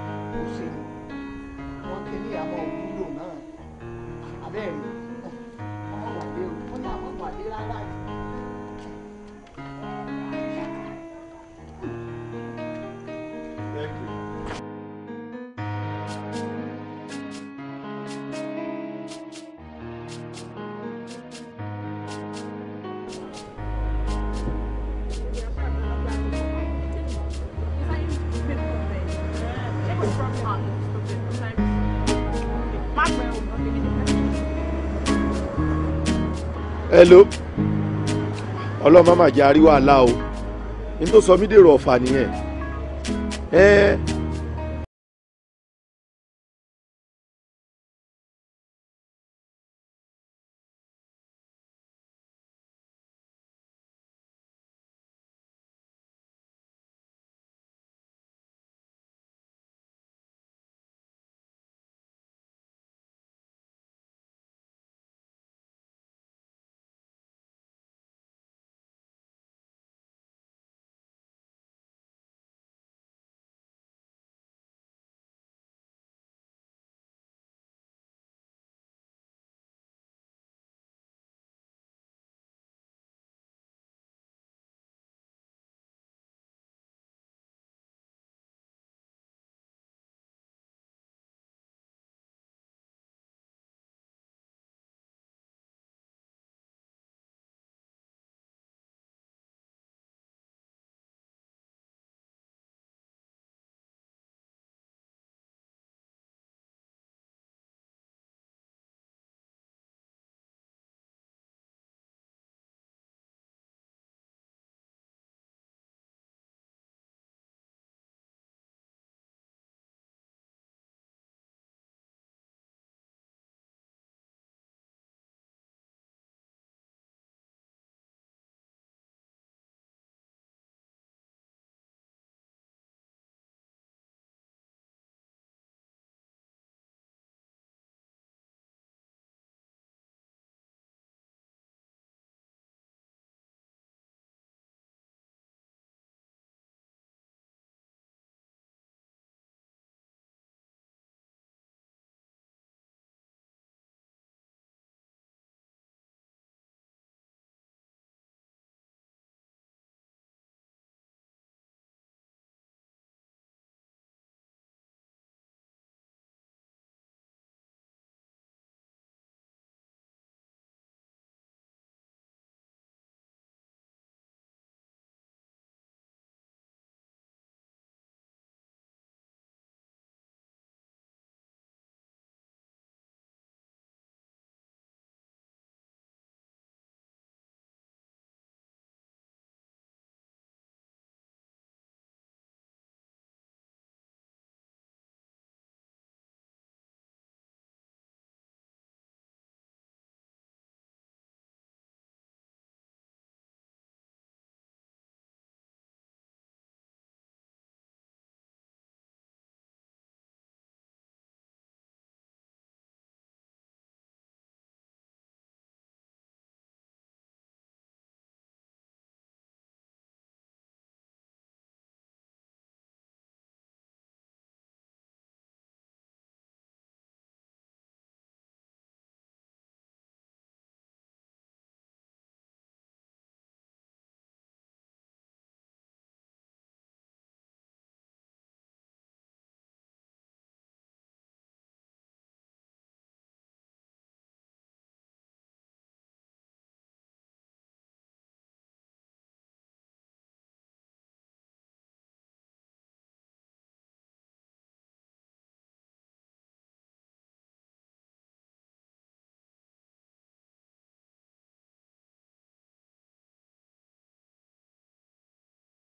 hello ọlọ́mọ má jẹ́ àríwá àlá o ní tó sọ mí dèrò ọ̀fà nìyẹn ẹ́ẹ́.